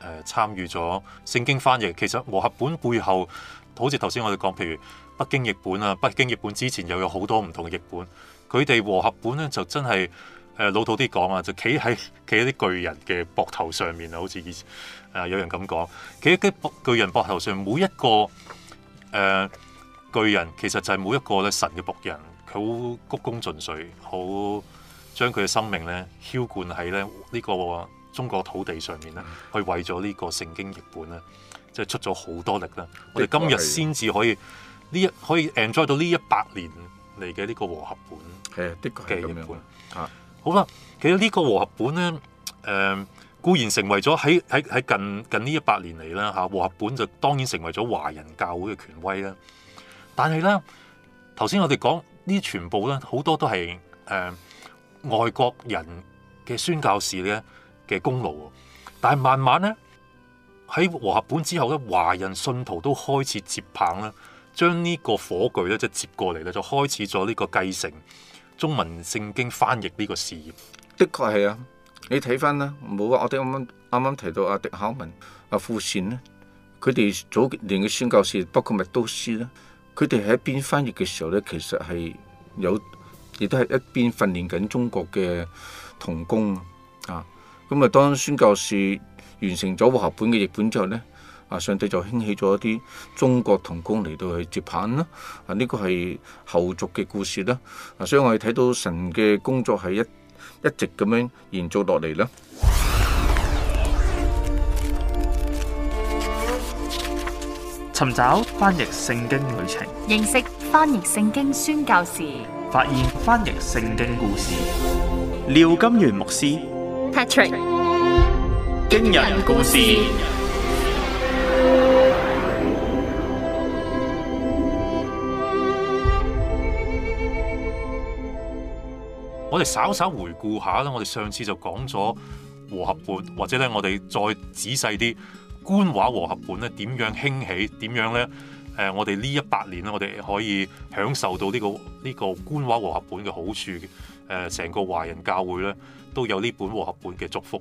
呃、參與咗聖經翻譯，其實和合本背後，好似頭先我哋講，譬如北京譯本啊，北京譯本之前又有好多唔同嘅譯本。佢哋和合本咧就真係誒、呃、老土啲講啊，就企喺企喺啲巨人嘅膊頭上面啊，好似以前誒有人咁講，企喺啲巨人膊頭上，每一個誒、呃、巨人其實就係每一個咧神嘅僕人，佢好鞠躬盡瘁，好將佢嘅生命咧澆灌喺咧呢、這個中國土地上面咧，去為咗呢個聖經譯本咧，即、就、係、是、出咗好多力啦。我哋今日先至可以呢一可以 enjoy 到呢一百年嚟嘅呢個和合本。誒，的確係咁樣。嚇，好啦，其實呢個和合本咧，誒、呃、固然成為咗喺喺喺近近呢一百年嚟啦嚇，和合本就當然成為咗華人教會嘅權威啦。但係咧，頭先我哋講呢全部咧，好多都係誒、呃、外國人嘅宣教士嘅嘅功勞。但係慢慢咧，喺和合本之後咧，華人信徒都開始接棒啦，將呢個火炬咧即係接過嚟啦，就開始咗呢個繼承。中文聖經翻譯呢個事業，的確係啊！你睇返啦，冇啊！我哋啱啱啱啱提到阿狄考文、阿、啊、富善咧，佢哋早年嘅宣教士，包括麥都斯咧，佢哋喺一邊翻譯嘅時候咧，其實係有，亦都係一邊訓練緊中國嘅童工啊！咁、嗯、啊，當宣教士完成咗合本嘅譯本之後咧，啊！上帝就興起咗一啲中國同工嚟到去接棒啦！啊，呢個係後續嘅故事啦！啊，所以我哋睇到神嘅工作係一一直咁樣延續落嚟啦。尋找翻譯聖經旅程，認識翻譯聖經宣教士，發現翻譯聖經故事。廖金元牧師，Patrick，驚人故事。我哋稍稍回顧下啦，我哋上次就講咗和合本，或者咧我哋再仔細啲官話和合本咧點樣興起，點樣咧？誒、呃，我哋呢一百年咧，我哋可以享受到呢、這個呢、這個官話和合本嘅好處，誒、呃，成個華人教會咧都有呢本和合本嘅祝福。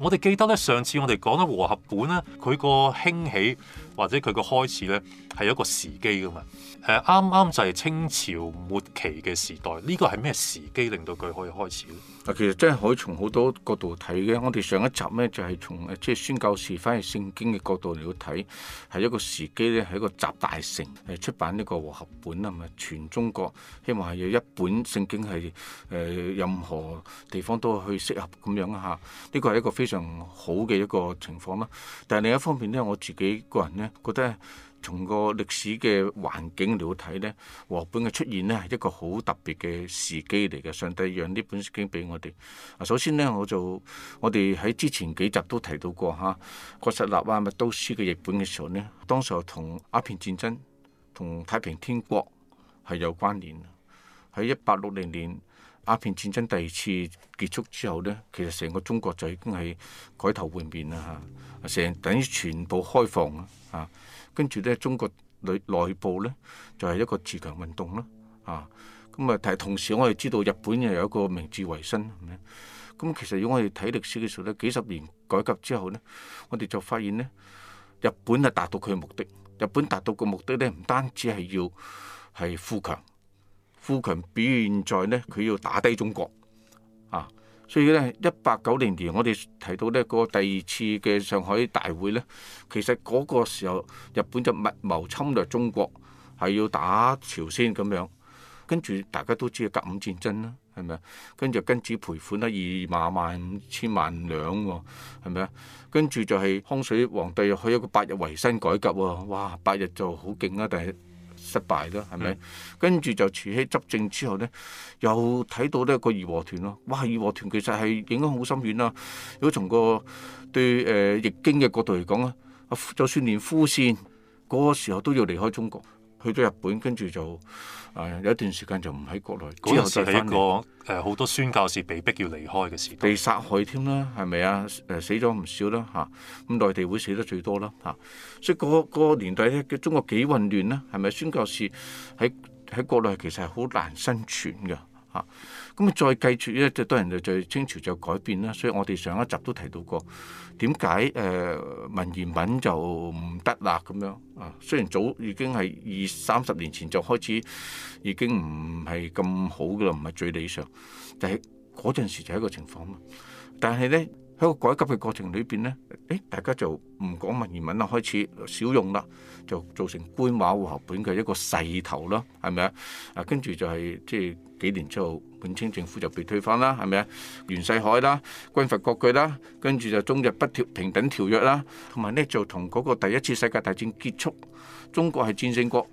我哋記得咧，上次我哋講到和合本咧，佢個興起或者佢個開始咧，係一個時機噶嘛。誒、呃，啱啱就係清朝末期嘅時代，呢、這個係咩時機令到佢可以開始咧？其實真係可以從好多角度睇嘅。我哋上一集呢，就係、是、從即係宣教士翻去聖經嘅角度嚟到睇，係一個時機呢，係一個集大成，誒出版呢個和合本啊嘛。全中國希望係有一本聖經係誒、呃、任何地方都去適合咁樣嚇，呢、這個係一個非常好嘅一個情況啦。但係另一方面呢，我自己個人呢，覺得。從個歷史嘅環境嚟睇呢，和本嘅出現呢，係一個好特別嘅時機嚟嘅。上帝讓呢本書經俾我哋。首先呢，我就我哋喺之前幾集都提到過嚇，國實立啊、乜都書嘅譯本嘅時候呢，當時候同鴉片戰爭同太平天國係有關聯。喺一八六零年鴉片戰爭第二次結束之後呢，其實成個中國就已經係改頭換面啦嚇，成、啊、等於全部開放啊！跟住咧，中國內內部咧就係、是、一個自強運動啦，啊，咁啊，但係同時我哋知道日本又有一個明治維新，咁、嗯、其實如果我哋睇歷史嘅時候咧，幾十年改革之後咧，我哋就發現咧，日本係達到佢嘅目的，日本達到個目的咧，唔單止係要係富強，富強表現在咧佢要打低中國。所以咧，一八九零年我哋提到咧個第二次嘅上海大會咧，其實嗰個時候日本就密謀侵略中國，係要打朝鮮咁樣。跟住大家都知甲午戰爭啦，係咪啊？跟住跟住賠款啦，二萬萬五千萬兩喎，係咪啊？跟住就係康水皇帝又去一個八日維新改革喎，哇！八日就好勁啊，但係。失敗咯，係咪？嗯、跟住就慈禧執政之後咧，又睇到咧個義和團咯、啊。哇！義和團其實係影響好深遠啦、啊。如果從個對誒易、呃、經嘅角度嚟講咧，阿就算連夫線嗰個時候都要離開中國。去咗日本，跟住就誒、呃、有一段時間就唔喺國內。嗰陣時係一個誒好、呃、多宣教士被逼要離開嘅時代，被殺害添啦，係咪、呃、啊？誒死咗唔少啦嚇，咁內地會死得最多啦嚇、啊，所以嗰、那、嗰、個那個年代咧，嘅中國幾混亂咧，係咪？宣教士喺喺國內其實係好難生存嘅嚇。啊。咁啊，再繼續咧，就多人就就清朝就改變啦。所以我哋上一集都提到過，點解誒文言文就唔得啦咁樣啊？雖然早已經係二三十年前就開始，已經唔係咁好噶啦，唔係最理想，但係嗰陣時就係一個情況嘛。但係咧喺個改革嘅過程裏邊咧，誒大家就唔講文言文啦，開始少用啦，就造成官話和合本嘅一個勢頭囉，係咪啊？啊，跟住就係即係。就是幾年之後，滿清政府就被推翻啦，係咪啊？袁世凱啦，軍閥割據啦，跟住就中日不條平等條約啦，同埋呢就同嗰個第一次世界大戰結束，中國係戰勝國，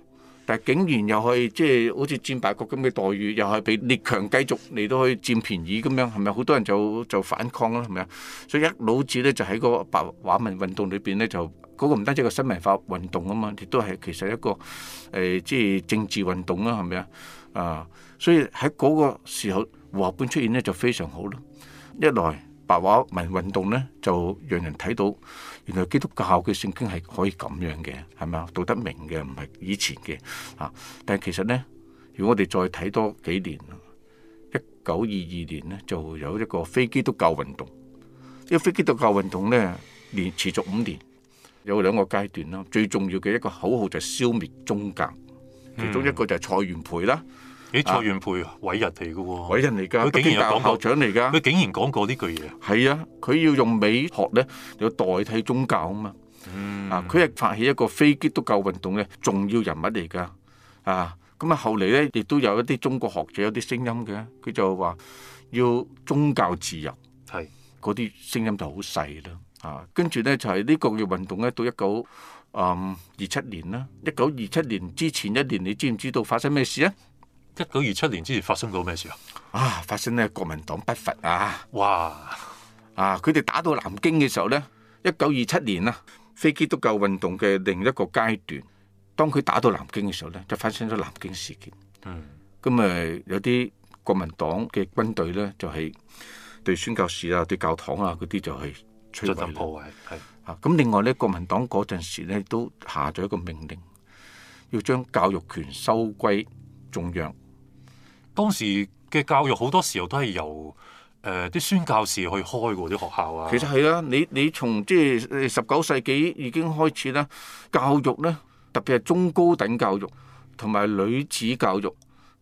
但係竟然又係即係好似戰敗國咁嘅待遇，又係被列強繼續嚟到去佔便宜咁樣，係咪好多人就就反抗啦？係咪啊？所以一老子呢，就喺個白話文運動裏邊呢，就嗰、那個唔單止係個新文化運動啊嘛，亦都係其實一個誒、呃、即係政治運動啊，係咪啊？啊，所以喺嗰個時候，和合本出現呢就非常好咯。一來白話文運動呢，就讓人睇到，原來基督教嘅聖經係可以咁樣嘅，係咪啊？讀得明嘅，唔係以前嘅。但係其實呢，如果我哋再睇多幾年，一九二二年呢，就有一個非基督教運動。呢個非基督教運動呢，連持續五年，有兩個階段啦。最重要嘅一個口號就係消滅宗教，其中一個就係蔡元培啦。咦，蔡元培偉、啊、人嚟嘅喎，偉人嚟㗎，佢竟然講學長嚟㗎，佢竟然講過呢句嘢。係啊，佢要用美學咧，要代替宗教啊嘛。嗯、啊，佢係發起一個非基督教運動嘅重要人物嚟㗎。啊，咁啊，後嚟咧亦都有一啲中國學者有啲聲音嘅，佢就話要宗教自由。係是，嗰啲聲音就好細啦。啊，跟住咧就係、是、呢個嘅運動咧，到一九啊、嗯、二七年啦，一九二七年之前一年，你知唔知道發生咩事啊？一九二七年之前發生過咩事啊？啊，發生咧國民黨北伐啊！哇！啊，佢哋哇、啊、打到南京嘅時候呢，一九二七年啦，非基督教運動嘅另一個階段。當佢打到南京嘅時候呢，就發生咗南京事件。咁誒、嗯嗯，有啲國民黨嘅軍隊呢，就係、是、對宣教士啊、對教堂啊嗰啲就係摧毀破壞啊！咁、嗯、另外呢，國民黨嗰陣時咧都下咗一個命令，要將教育權收歸中央。當時嘅教育好多時候都係由誒啲宣教士去開嘅啲學校啊。其實係啊，你你從即係十九世紀已經開始啦，教育咧特別係中高等教育同埋女子教育，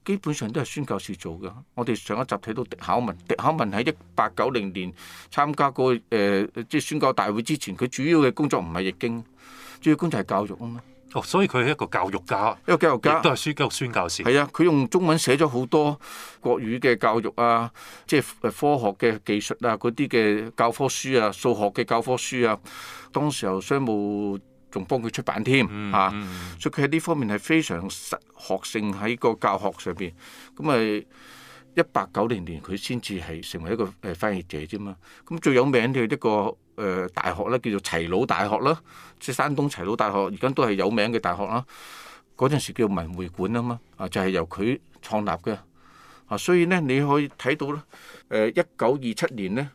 基本上都係宣教士做㗎。我哋上一集睇到狄考文，狄考文喺一八九零年參加過、呃、即係宣教大會之前，佢主要嘅工作唔係譯經，主要工作係教育啊嘛。哦，所以佢係一個教育家，一個教育家，都係宣教宣教士。係啊，佢用中文寫咗好多國語嘅教育啊，即係科學嘅技術啊，嗰啲嘅教科書啊，數學嘅教科書啊，當時候商務仲幫佢出版添嚇，啊嗯嗯、所以佢喺呢方面係非常實學性，喺個教學上邊，咁、嗯、咪。嗯一八九零年佢先至係成為一個誒翻譯者啫嘛，咁最有名嘅一個誒大學咧叫做齊魯大學啦，即係山東齊魯大學，而家都係有名嘅大學啦。嗰陣時叫文會館啊嘛，啊就係、是、由佢創立嘅，啊所以咧你可以睇到咧，誒一九二七年咧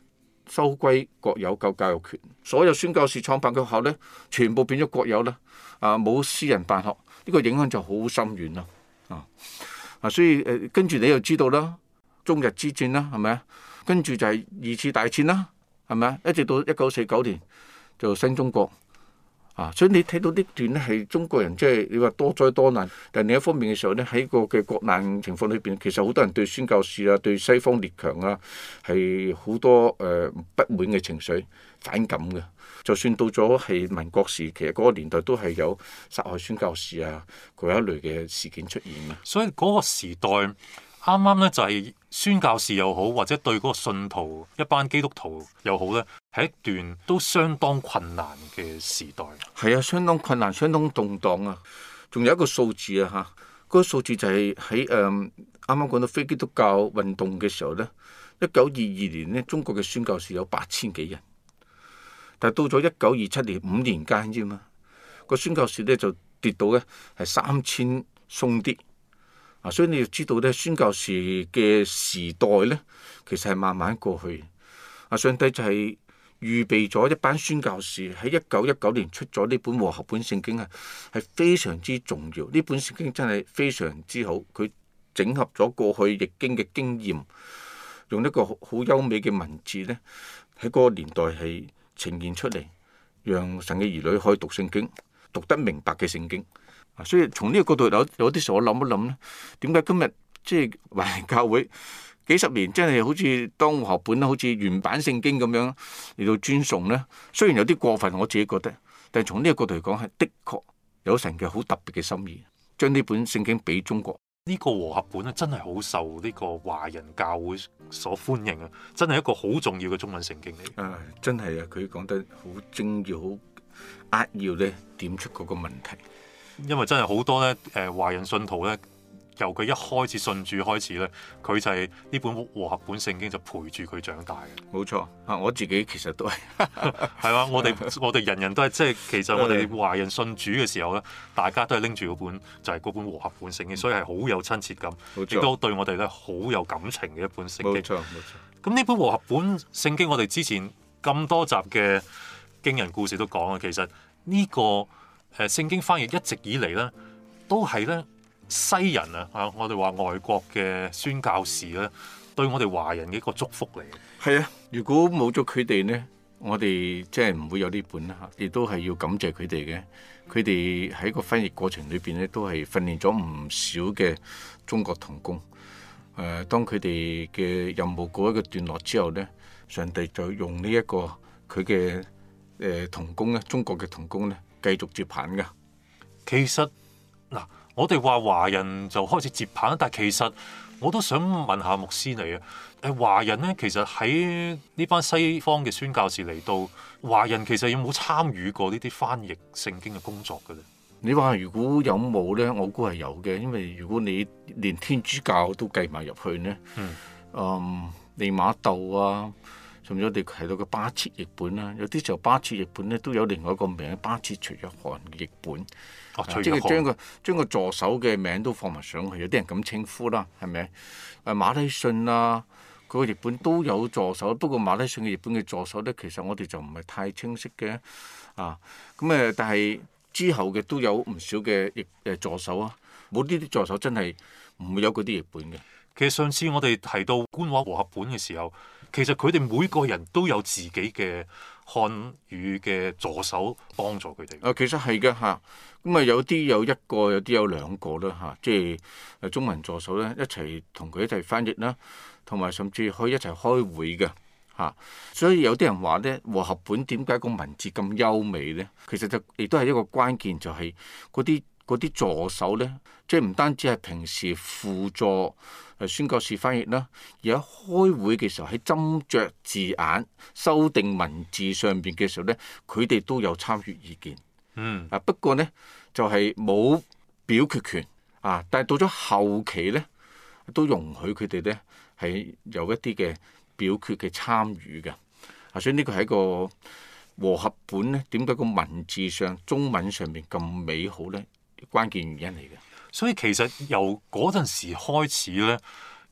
收歸國有教教育權，所有宣教士創辦嘅學校咧全部變咗國有啦，啊冇私人辦學，呢、這個影響就好深遠啦，啊啊所以誒跟住你又知道啦。中日之戰啦，係咪啊？跟住就係二次大戰啦，係咪啊？一直到一九四九年就新中國啊，所以你睇到呢段咧，係中國人即係你話多災多難，但另一方面嘅時候呢，喺個嘅國難情況裏邊，其實好多人對宣教士啊、對西方列強啊，係好多誒、呃、不滿嘅情緒、反感嘅。就算到咗係民國時期嗰個年代，都係有殺害宣教士啊，嗰一類嘅事件出現嘅。所以嗰個時代。啱啱咧就係宣教士又好，或者對嗰個信徒一班基督徒又好咧，係一段都相當困難嘅時代。係啊，相當困難，相當動盪啊！仲有一個數字啊，吓，嗰個數字就係喺誒啱啱講到非基督教運動嘅時候咧，一九二二年咧，中國嘅宣教士有八千幾人，但係到咗一九二七年五年間啫嘛，個宣教士咧就跌到咧係三千鬆啲。啊，所以你要知道咧，宣教士嘅時代咧，其實係慢慢過去。啊，上帝就係預備咗一班宣教士喺一九一九年出咗呢本和合本聖經啊，係非常之重要。呢本聖經真係非常之好，佢整合咗過去譯經嘅經驗，用一個好優美嘅文字咧，喺嗰個年代係呈現出嚟，讓神嘅兒女可以讀聖經，讀得明白嘅聖經。所以從呢個角度有有啲時我諗一諗咧，點解今日即係華人教會幾十年，真係好似當和合本好似原版聖經咁樣嚟到尊崇呢？雖然有啲過分，我自己覺得，但係從呢個角度嚟講，係的確有神嘅好特別嘅心意，將呢本聖經俾中國呢個和合本咧，真係好受呢個華人教會所歡迎啊！真係一個好重要嘅中文聖經嚟。嗯、啊，真係啊，佢講得好精要，好扼要咧，點出嗰個問題。因為真係好多咧，誒、呃、華人信徒咧，由佢一開始信主開始咧，佢就係呢本和合本聖經就陪住佢長大嘅。冇錯，啊我自己其實都係，係 [LAUGHS] 啊， [LAUGHS] 我哋我哋人人都係即係，其實我哋華人信主嘅時候咧，大家都係拎住嗰本就係、係、嗰本和合本聖經，嗯、所以係好有親切感，亦冇錯都對我哋咧好有感情嘅一本聖經。冇錯，咁呢本和合本聖經，我哋之前咁多集嘅驚人故事都講啊，其實呢、這個。誒聖經翻譯一直以嚟咧，都係咧西人啊！啊，我哋話外國嘅宣教士咧、啊，對我哋華人嘅一個祝福嚟。係啊，如果冇咗佢哋呢，我哋即係唔會有呢本啦，亦都係要感謝佢哋嘅。佢哋喺個翻譯過程裏邊咧，都係訓練咗唔少嘅中國童工。誒、呃，當佢哋嘅任務過一個段落之後呢，上帝就用呢一個佢嘅誒童工咧，中國嘅童工咧。繼續接棒嘅，其實嗱，我哋話華人就開始接棒，但係其實我都想問下牧師你啊，誒華人咧，其實喺呢班西方嘅宣教士嚟到，華人其實有冇參與過呢啲翻譯聖經嘅工作嘅咧？你話如果有冇咧，我估係有嘅，因為如果你連天主教都計埋入去咧，嗯，利瑪、嗯、竇啊。仲有，我哋提到個巴切譯本啦，有啲時候巴切譯本咧都有另外一個名，巴切徐若翰譯本，即係將個將個助手嘅名都放埋上去，有啲人咁稱呼啦，係咪？誒馬禮遜啊，佢個譯本都有助手，不過馬禮遜嘅譯本嘅助手咧，其實我哋就唔係太清晰嘅啊。咁誒，但係之後嘅都有唔少嘅譯誒助手啊。冇呢啲助手真係唔會有嗰啲譯本嘅。其實上次我哋提到官話和合本嘅時候。其實佢哋每個人都有自己嘅漢語嘅助手幫助佢哋。啊，其實係嘅嚇，咁啊有啲有一個，有啲有兩個啦嚇，即、啊、係、就係、中文助手咧一齊同佢一齊翻譯啦，同、啊、埋甚至可以一齊開會嘅嚇、啊。所以有啲人話咧和合本點解個文字咁優美咧？其實就亦都係一個關鍵、就係，就係嗰啲。嗰啲助手咧，即係唔單止係平時輔助誒宣教士翻譯啦，而喺開會嘅時候喺斟酌字眼、修訂文字上邊嘅時候咧，佢哋都有參與意見。嗯啊，不過咧就係冇表決權啊，但係到咗後期咧都容許佢哋咧係有一啲嘅表決嘅參與嘅啊，所以呢個係一個和合本咧，點解個文字上中文上面咁美好咧？關鍵原因嚟嘅，所以其實由嗰陣時開始咧，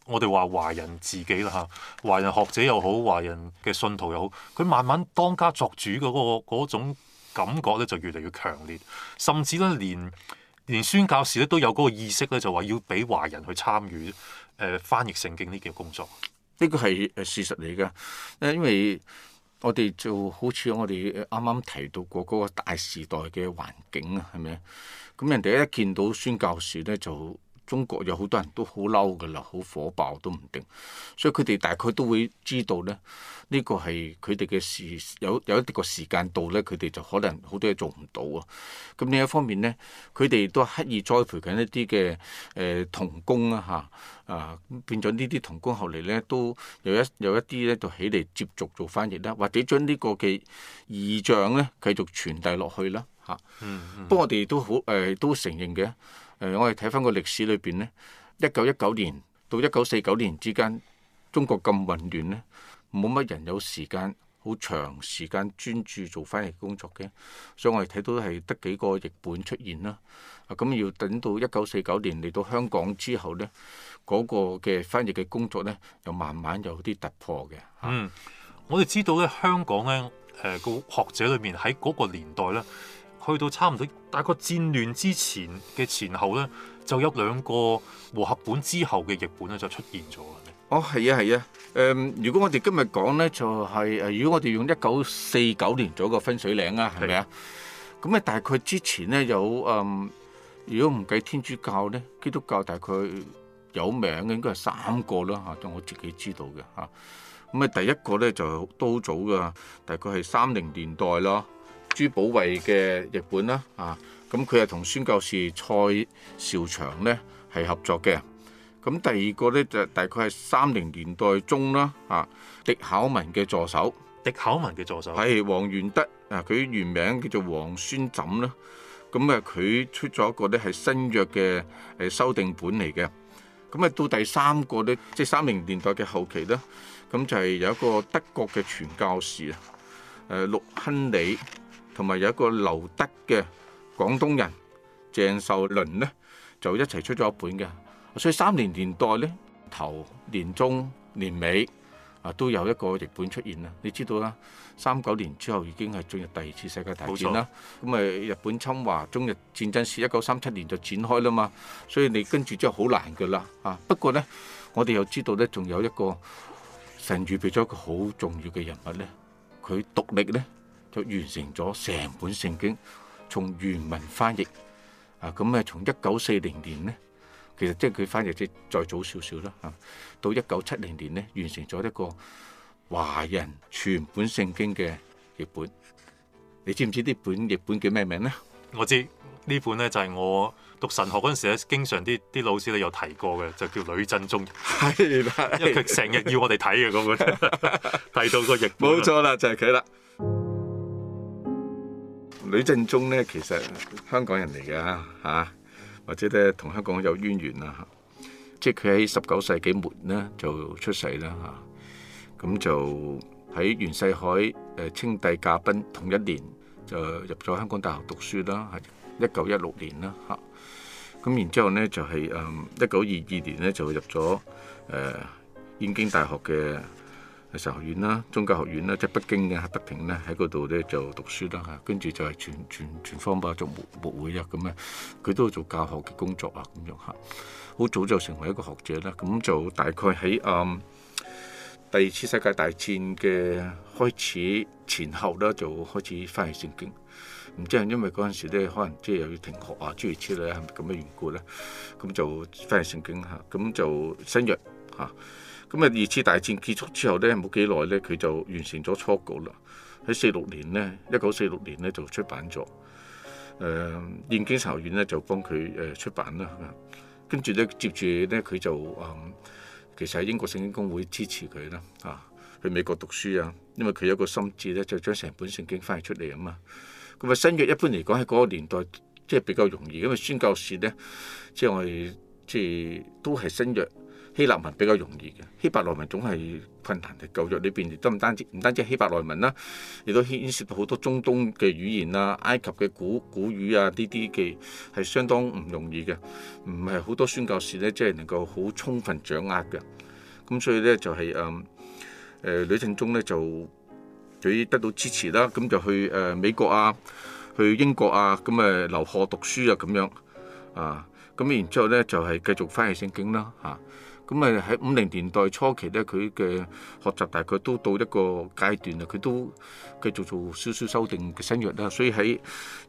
我哋話華人自己啦嚇，華人學者又好，華人嘅信徒又好，佢慢慢當家作主嘅、嗰個嗰種感覺咧就越嚟越強烈，甚至咧連連宣教士咧都有嗰個意識咧，就話要俾華人去參與誒、呃、翻譯聖經呢件工作。呢個係誒事實嚟嘅，誒因為我哋就好似我哋啱啱提到過嗰個大時代嘅環境啊，係咪？咁人哋一見到宣教士咧就。中國有好多人都好嬲㗎喇，好火爆都唔定，所以佢哋大概都會知道咧，呢、這個係佢哋嘅事。有有一啲個時間到咧，佢哋就可能好多嘢做唔到啊。咁另一方面咧，佢哋都刻意栽培緊一啲嘅誒童工啊吓，啊，變咗呢啲童工後嚟咧都有一有一啲咧就起嚟接續做翻譯啦、啊，或者將個呢個嘅意象咧繼續傳遞落去啦、啊、嚇。不過、嗯嗯、我哋都好誒、呃、都承認嘅。誒、呃，我哋睇翻個歷史裏邊呢，一九一九年到一九四九年之間，中國咁混亂呢，冇乜人有時間好長時間專注做翻譯工作嘅，所以我哋睇到係得幾個譯本出現啦。啊，咁要等到一九四九年嚟到香港之後呢嗰、那個嘅翻譯嘅工作呢，又慢慢有啲突破嘅。嗯，我哋知道呢香港呢誒個、呃、學者裏面喺嗰個年代呢。去到差唔多大概戰亂之前嘅前後咧，就有兩個和合本之後嘅譯本咧就出現咗。哦，係啊，係啊。誒、嗯，如果我哋今日講咧，就係、是、誒，如果我哋用一九四九年做個分水嶺啊，係咪啊？咁咧的大概之前咧有誒、嗯，如果唔計天主教咧，基督教大概有名嘅應該係三個啦吓，我自己知道嘅吓。咁啊，第一個咧就都好早噶，大概係三零年代咯。朱寶惠嘅日本啦，啊，咁佢係同宣教士賽兆祥咧係合作嘅。咁第二個咧就大概係三零年代中啦，啊，狄考文嘅助手。狄考文嘅助手係王元德啊，佢原名叫做王宣忱啦。咁啊，佢、啊、出咗一個咧係新約嘅誒修訂本嚟嘅。咁啊，到第三個咧，即係三零年代嘅後期咧，咁就係有一個德國嘅傳教士啊，誒，陸亨理。同埋有一個留德嘅廣東人鄭秀麟呢，就一齊出咗一本嘅。所以三年年代呢，頭年中年尾啊，都有一個譯本出現啦。你知道啦，三九年之後已經係進入第二次世界大戰啦。咁啊，冇錯，日本侵華中日戰爭係一九三七年就展開啦嘛。所以你跟住之後好難㗎喇。啊，不過呢，我哋又知道呢，仲有一個神預備咗一個好重要嘅人物呢，佢獨力呢。完成咗成本聖經，從原文翻譯啊，咁啊從一九四零年呢，其實即係佢翻譯即再早少少啦，吓、啊、到一九七零年呢，完成咗一個華人全本聖經嘅譯本。你知唔知呢本譯本叫咩名呢？我知呢本呢，就係、是、我讀神學嗰陣時咧，經常啲啲老師咧有提過嘅，就叫《呂振中》，係， [LAUGHS] 因為佢成日要我哋睇嘅，咁樣 [LAUGHS] 提到個譯本，冇 [LAUGHS] 錯啦，就係佢啦。呂正中呢，其實香港人嚟嘅嚇，或者咧同香港有淵源啊。即係佢喺十九世紀末咧就出世啦嚇，咁、啊、就喺袁世凱誒、呃、稱帝駕崩同一年就入咗香港大學讀書啦，係一九一六年啦嚇。咁、啊、然之後咧就係誒一九二二年咧就入咗誒、呃、燕京大學嘅。藝術學院啦、宗教學院啦，即係北京嘅北平咧喺嗰度咧就讀書啦，跟住就係全全全方位做模模會啊咁啊，佢都做教學嘅工作啊咁樣嚇，好早就成為一個學者啦。咁就大概喺嗯第二次世界大戰嘅開始前後咧，就開始翻譯聖經。唔知係因為嗰陣時咧可能即係又要停學啊諸如此類係咪咁嘅緣故咧？咁就翻譯聖經嚇，咁就新約嚇。啊咁啊，二次大戰結束之後咧，冇幾耐咧，佢就完成咗初稿啦。喺四六年咧，一九四六年咧就出版咗。誒、呃，燕京神學院咧就幫佢誒、呃、出版啦。跟住咧，接住咧佢就誒、呃，其實喺英國聖經公會支持佢啦。啊，去美國讀書啊，因為佢有一個心志咧，就將成本聖經翻譯出嚟啊嘛。咁啊，新約一般嚟講喺嗰個年代即係比較容易，因為宣教士咧即係我哋即係都係新約。希臘文比較容易嘅，希伯來文總係困難嘅。舊約呢邊亦都唔單止唔單止希伯來文啦、啊，亦都牽涉到好多中東嘅語言啊、埃及嘅古古語啊呢啲嘅係相當唔容易嘅，唔係好多宣教士咧即係能夠好充分掌握嘅。咁所以咧就係誒誒旅程中咧就佢得到支持啦，咁就去誒、呃、美國啊，去英國啊，咁誒留學讀書啊咁樣啊，咁然之後咧就係繼續翻譯聖經啦嚇。啊咁誒喺五零年代初期咧，佢嘅學習大概都到一個階段啦。佢都繼續做少少修訂嘅新約啦。所以喺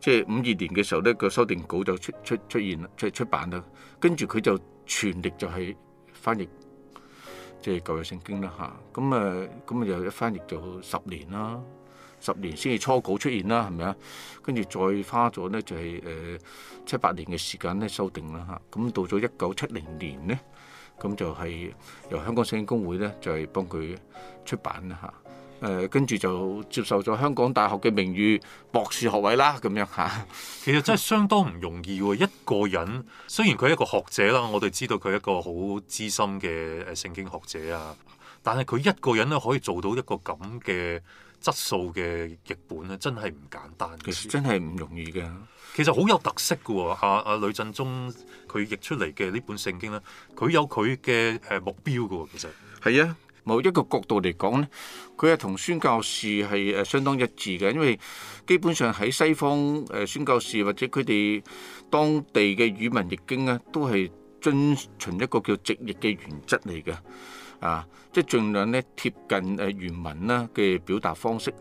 即係五二年嘅時候咧，個修訂稿就出出出現啦，即係出版啦。跟住佢就全力就係翻譯即係舊約聖經啦。吓、嗯，咁誒咁又一翻譯咗十年啦，十年先至初稿出現啦，係咪啊？跟住再花咗咧就係、是、誒、呃、七八年嘅時間咧修訂啦。吓，咁、啊嗯、到咗一九七零年咧。嗯嗯嗯咁就係由香港聖經公會咧，就係幫佢出版啦嚇。呃，跟住就接受咗香港大學嘅名譽博士學位啦，咁樣嚇。 [LAUGHS] 其實真係相當唔容易喎，一個人雖然佢係一個學者啦，我哋知道佢係一個好資深嘅誒聖經學者啊，但係佢一個人咧可以做到一個咁嘅。質素嘅譯本咧，真係唔簡單，其、嗯。其實真係唔容易嘅。其實好有特色嘅喎，阿阿呂振中佢譯出嚟嘅呢本聖經咧，佢有佢嘅誒目標嘅喎。其實係啊，某一個角度嚟講咧，佢係同宣教士係誒相當一致嘅，因為基本上喺西方誒宣教士或者佢哋當地嘅語文譯經咧，都係遵循一個叫直譯嘅原則嚟嘅。啊，即係儘量咧貼近誒原、呃、文啦嘅表達方式，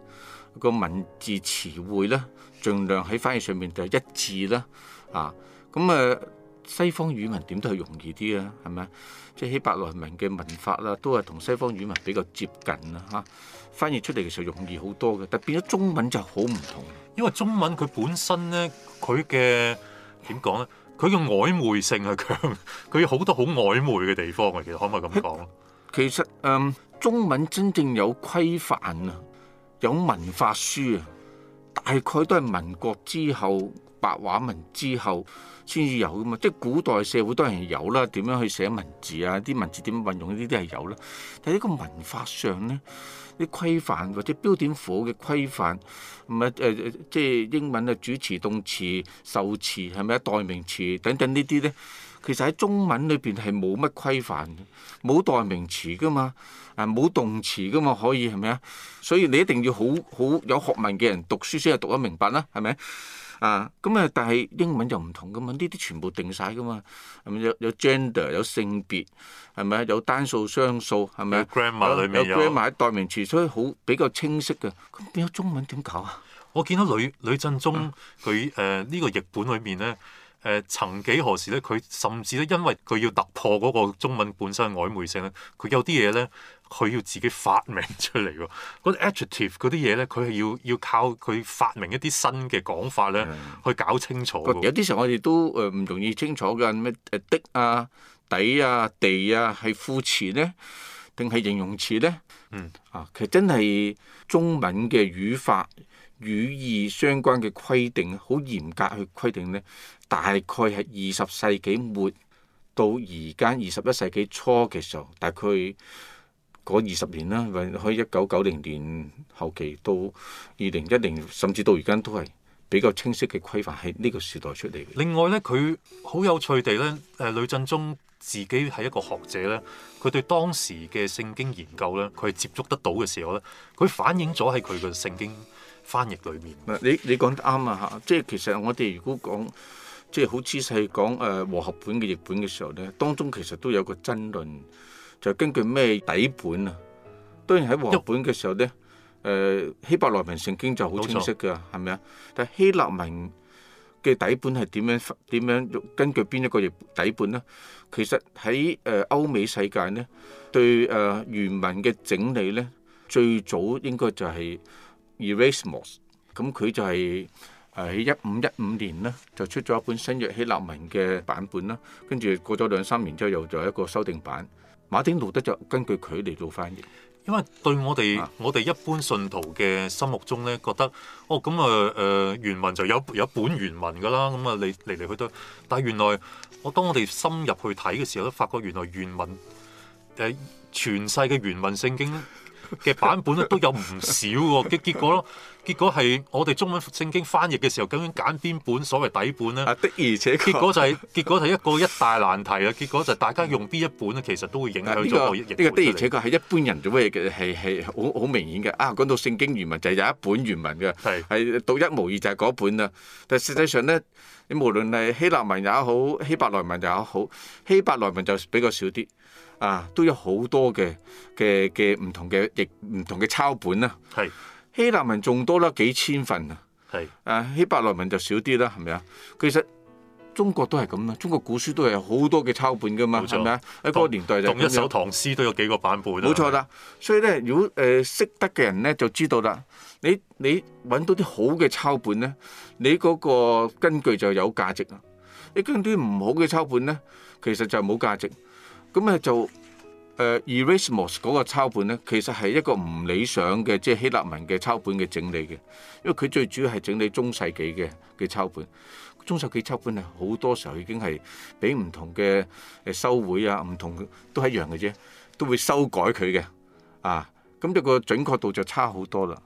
個文字詞彙咧，儘量喺翻譯上面就一致啦。啊，咁啊，西方語文點都係容易啲啊，係咪啊？即係希伯來文嘅文法啦，都係同西方語文比較接近啦、啊。嚇、啊，翻譯出嚟嘅時候容易好多嘅，但係變咗中文就好唔同。因為中文佢本身咧，佢嘅點講咧，佢嘅曖昧性係強，佢好多好曖昧嘅地方嘅，其實可唔可以咁講？其實誒、嗯、中文真正有規範啊，有文法書啊，大概都係民國之後白話文之後先至有噶嘛。即係古代社會當然有啦，點樣去寫文字啊？啲文字點運用呢啲係有啦。但係呢個文法上咧，啲規範或者標點符號嘅規範，唔係誒即係英文嘅主詞、動詞、受詞係咪代名詞等等呢啲咧。其實喺中文裏邊係冇乜規範，冇代名詞噶嘛，啊冇動詞噶嘛，可以係咪啊？所以你一定要好好有學問嘅人讀書先係讀得明白啦，係咪？啊咁啊，但係英文就唔同噶嘛，呢啲全部定晒噶嘛，係咪有有 gender，有性別係咪，有單數雙數係咪？有 grammar 裏面有，有，grammar 代名詞，所以好比較清晰嘅。咁變咗中文點搞啊？我見到呂呂振中佢誒、嗯呃這個、呢個譯本裏面咧。誒、呃、曾幾何時咧？佢甚至咧，因為佢要突破嗰個中文本身嘅曖昧性咧，佢有啲嘢咧，佢要自己發明出嚟喎。嗰啲 adjective 嗰啲嘢咧，佢係要要靠佢發明一啲新嘅講法咧，去搞清楚。有啲時候我哋都誒唔容易清楚㗎，咩誒的啊、底啊、地啊係副詞咧，定係形容詞咧？嗯啊，其實真係中文嘅語法，語義相關嘅規定，好嚴格去規定呢，大概係二十世紀末到而家二十一世紀初嘅時候，大概嗰二十年啦，或者一九九零年後期到二零一零，甚至到而家都係比較清晰嘅規範喺呢個時代出嚟。另外呢，佢好有趣地呢，誒、呃呃，呂振中自己係一個學者呢。佢對當時嘅聖經研究呢，佢係接觸得到嘅時候呢，佢反映咗喺佢嘅聖經翻譯裏面，你你講得啱啊嚇、啊！即係其實我哋如果講，即係好仔細講誒、啊、和合本嘅譯本嘅時候咧，當中其實都有個爭論，就係、根據咩底本啊？當然喺和合本嘅時候咧，誒、啊、希伯來文聖經就好清晰㗎，係咪啊？但希臘文嘅底本係點樣點樣根據邊一個譯底本咧？其實喺誒、呃、歐美世界咧，對誒原文嘅整理咧，最早應該就係、是。Erasmus，咁佢就係誒喺一五一五年咧，就出咗一本新約希臘文嘅版本啦。跟住過咗兩三年之後，又做一個修訂版。馬丁路德就根據佢嚟做翻譯，因為對我哋我哋一般信徒嘅心目中咧，覺得哦咁啊誒原文就有有一本原文噶啦，咁啊嚟嚟嚟去去，但係原來我當我哋深入去睇嘅時候咧，都發覺原來原文誒全世嘅原文聖經咧。嘅版本咧都有唔少嘅，結果咯，結果係我哋中文聖經翻譯嘅時候，究竟揀邊本所謂底本咧、啊？的而且確、就是，結果就係結果就係一個一大難題啦。結果就大家用邊一本咧，其實都會影響咗、啊這個譯本。這個、的而且確係一般人做咩嘢嘅？係係好好明顯嘅。啊，講到聖經原文就有一本原文嘅，係係獨一無二，就係嗰本啦。但實際上咧，你無論係希臘文也好，希伯來文也好，希伯來文就比較少啲。啊，都有好多嘅嘅嘅唔同嘅亦唔同嘅抄本啦、啊。係是希臘文仲多啦，幾千份啊。係是啊，希伯來文就少啲啦，係咪啊？其實中國都係咁啦，中國古書都係有好多嘅抄本噶嘛，係咪啊？喺嗰吧同個年代就同一首唐詩都有幾個版本，冇錯啦。所以咧，如果誒、呃、識得嘅人咧，就知道啦。你你揾到啲好嘅抄本咧，你嗰個根據就有價值啦。你跟啲唔好嘅抄本咧，其實就冇價值。咁咧就誒、呃、Erasmus 嗰個抄本咧，其實係一個唔理想嘅，即係希臘文嘅抄本嘅整理嘅，因為佢最主要係整理中世紀嘅嘅抄本。中世紀抄本咧，好多時候已經係俾唔同嘅誒修會啊，唔同都係一樣嘅啫，都會修改佢嘅啊。咁呢個準確度就差好多啦。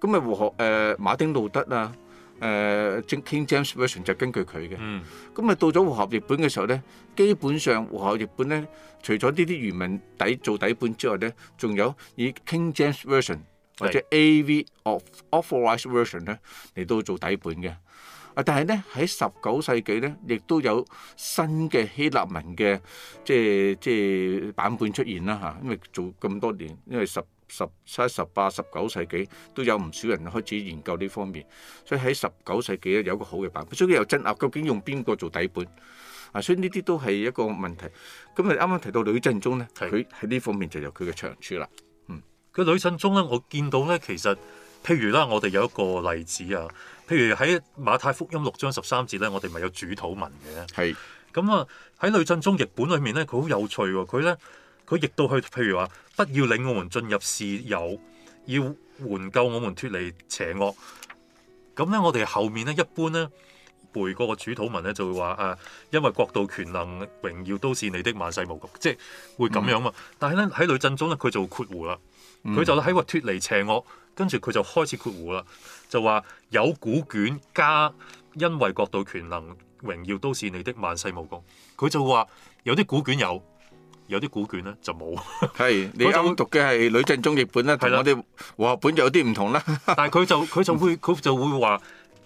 咁咪和學誒、呃、馬丁路德啊。誒、uh，King James Version 就根據佢嘅。咁啊、嗯、到咗和合譯本嘅時候咧，基本上和合譯本咧，除咗呢啲漁民底做底本之外咧，仲有以 King James Version 或者 AV of Authorized Version 咧嚟到做底本嘅。啊，但係咧，喺十九世紀咧，亦都有新嘅希臘文嘅即係即係版本出現啦嚇，因為做咁多年，因為十。十七、十八、十九世紀都有唔少人開始研究呢方面，所以喺十九世紀咧有一個好嘅版本。所以又爭拗究竟用邊個做底本，啊，所以呢啲都係一個問題。咁你啱啱提到呂振中咧，佢喺呢方面就有佢嘅長處啦。嗯，個呂振中咧，我見到咧，其實譬如啦，我哋有一個例子啊，譬如喺馬太福音六章十三節咧，我哋咪有主禱文嘅。係是。咁啊、嗯，喺呂振中譯本裏面咧，佢好有趣喎，佢咧。佢亦都去，譬如話，不要領我們進入試誘，要援救我們脱離邪惡。咁咧，我哋後面咧一般咧背嗰個主禱文咧就會話誒、啊，因為國度、權能、榮耀都是你的，萬世無窮，即係會咁樣嘛。但係咧喺呂振中咧，佢就括弧啦。佢就喺度脱離邪惡，跟住佢就開始括弧啦，就話有古卷加，因為國度、權能、榮耀都是你的，萬世無窮。佢就話有啲古卷有。有啲古卷咧就冇，係 [LAUGHS] 你啱讀嘅係呂振中譯本啦，但係 [LAUGHS] 的我哋和合本就有啲唔同啦。 [LAUGHS] 但係佢就佢就會佢就會話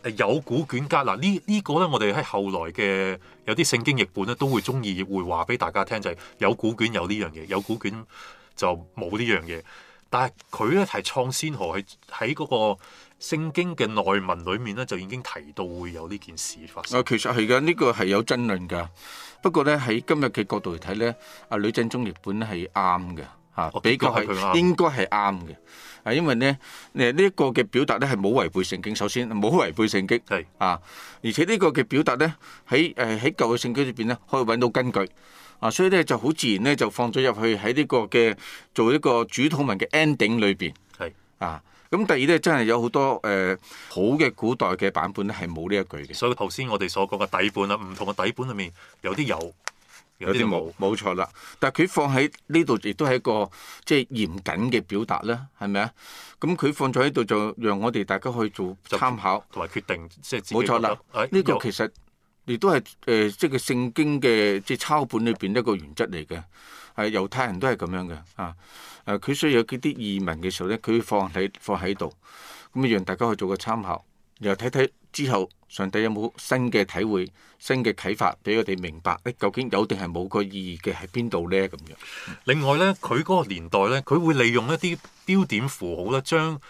誒有古卷加嗱、這個、呢呢個咧，我哋喺後來嘅有啲聖經譯本咧都會中意會話俾大家聽，就係、是、有古卷有呢樣嘢，有古卷就冇呢樣嘢。但係佢咧係創先河，係喺嗰個聖經嘅內文裡面咧，就已經提到會有呢件事發生。其實係㗎，呢、這個係有爭論㗎。 [LAUGHS] 不過咧，喺今日嘅角度嚟睇咧，阿呂振中譯本係啱嘅，嚇、哦，比較係應該係啱嘅。啊，因為咧，誒、這、呢個嘅表達咧係冇違背聖經，首先冇違背聖經，係是啊，而且呢個嘅表達咧喺誒喺舊嘅聖經裏邊咧可以揾到根據，啊，所以咧就好自然咧就放咗入去喺呢個嘅做一個主禱文嘅 ending 裏邊，係是啊。咁第二咧，真係有好多、呃、好多誒好嘅古代嘅版本咧，係冇呢一句嘅。所以頭先我哋所講嘅底本啊，唔同嘅底本裏面有啲有，有啲冇。冇、嗯、錯啦，但係佢放喺呢度，亦都係一個即係、就是、嚴謹嘅表達啦，係咪啊？咁佢放咗喺度，就讓我哋大家去做參考同埋決定自己，即係冇錯啦。呢、哎、個其實亦都係誒即係聖經嘅即係抄本裏邊一個原則嚟嘅。係猶太人都係咁樣嘅，啊，誒佢需要有佢啲異民嘅時候咧，佢放喺放喺度，咁啊讓大家去做個參考，然後睇睇之後上帝有冇新嘅體會、新嘅啟發俾我哋明白，誒究竟有定係冇個意義嘅喺邊度咧？咁樣。另外咧，佢嗰個年代咧，佢會利用一啲標點符號咧，將。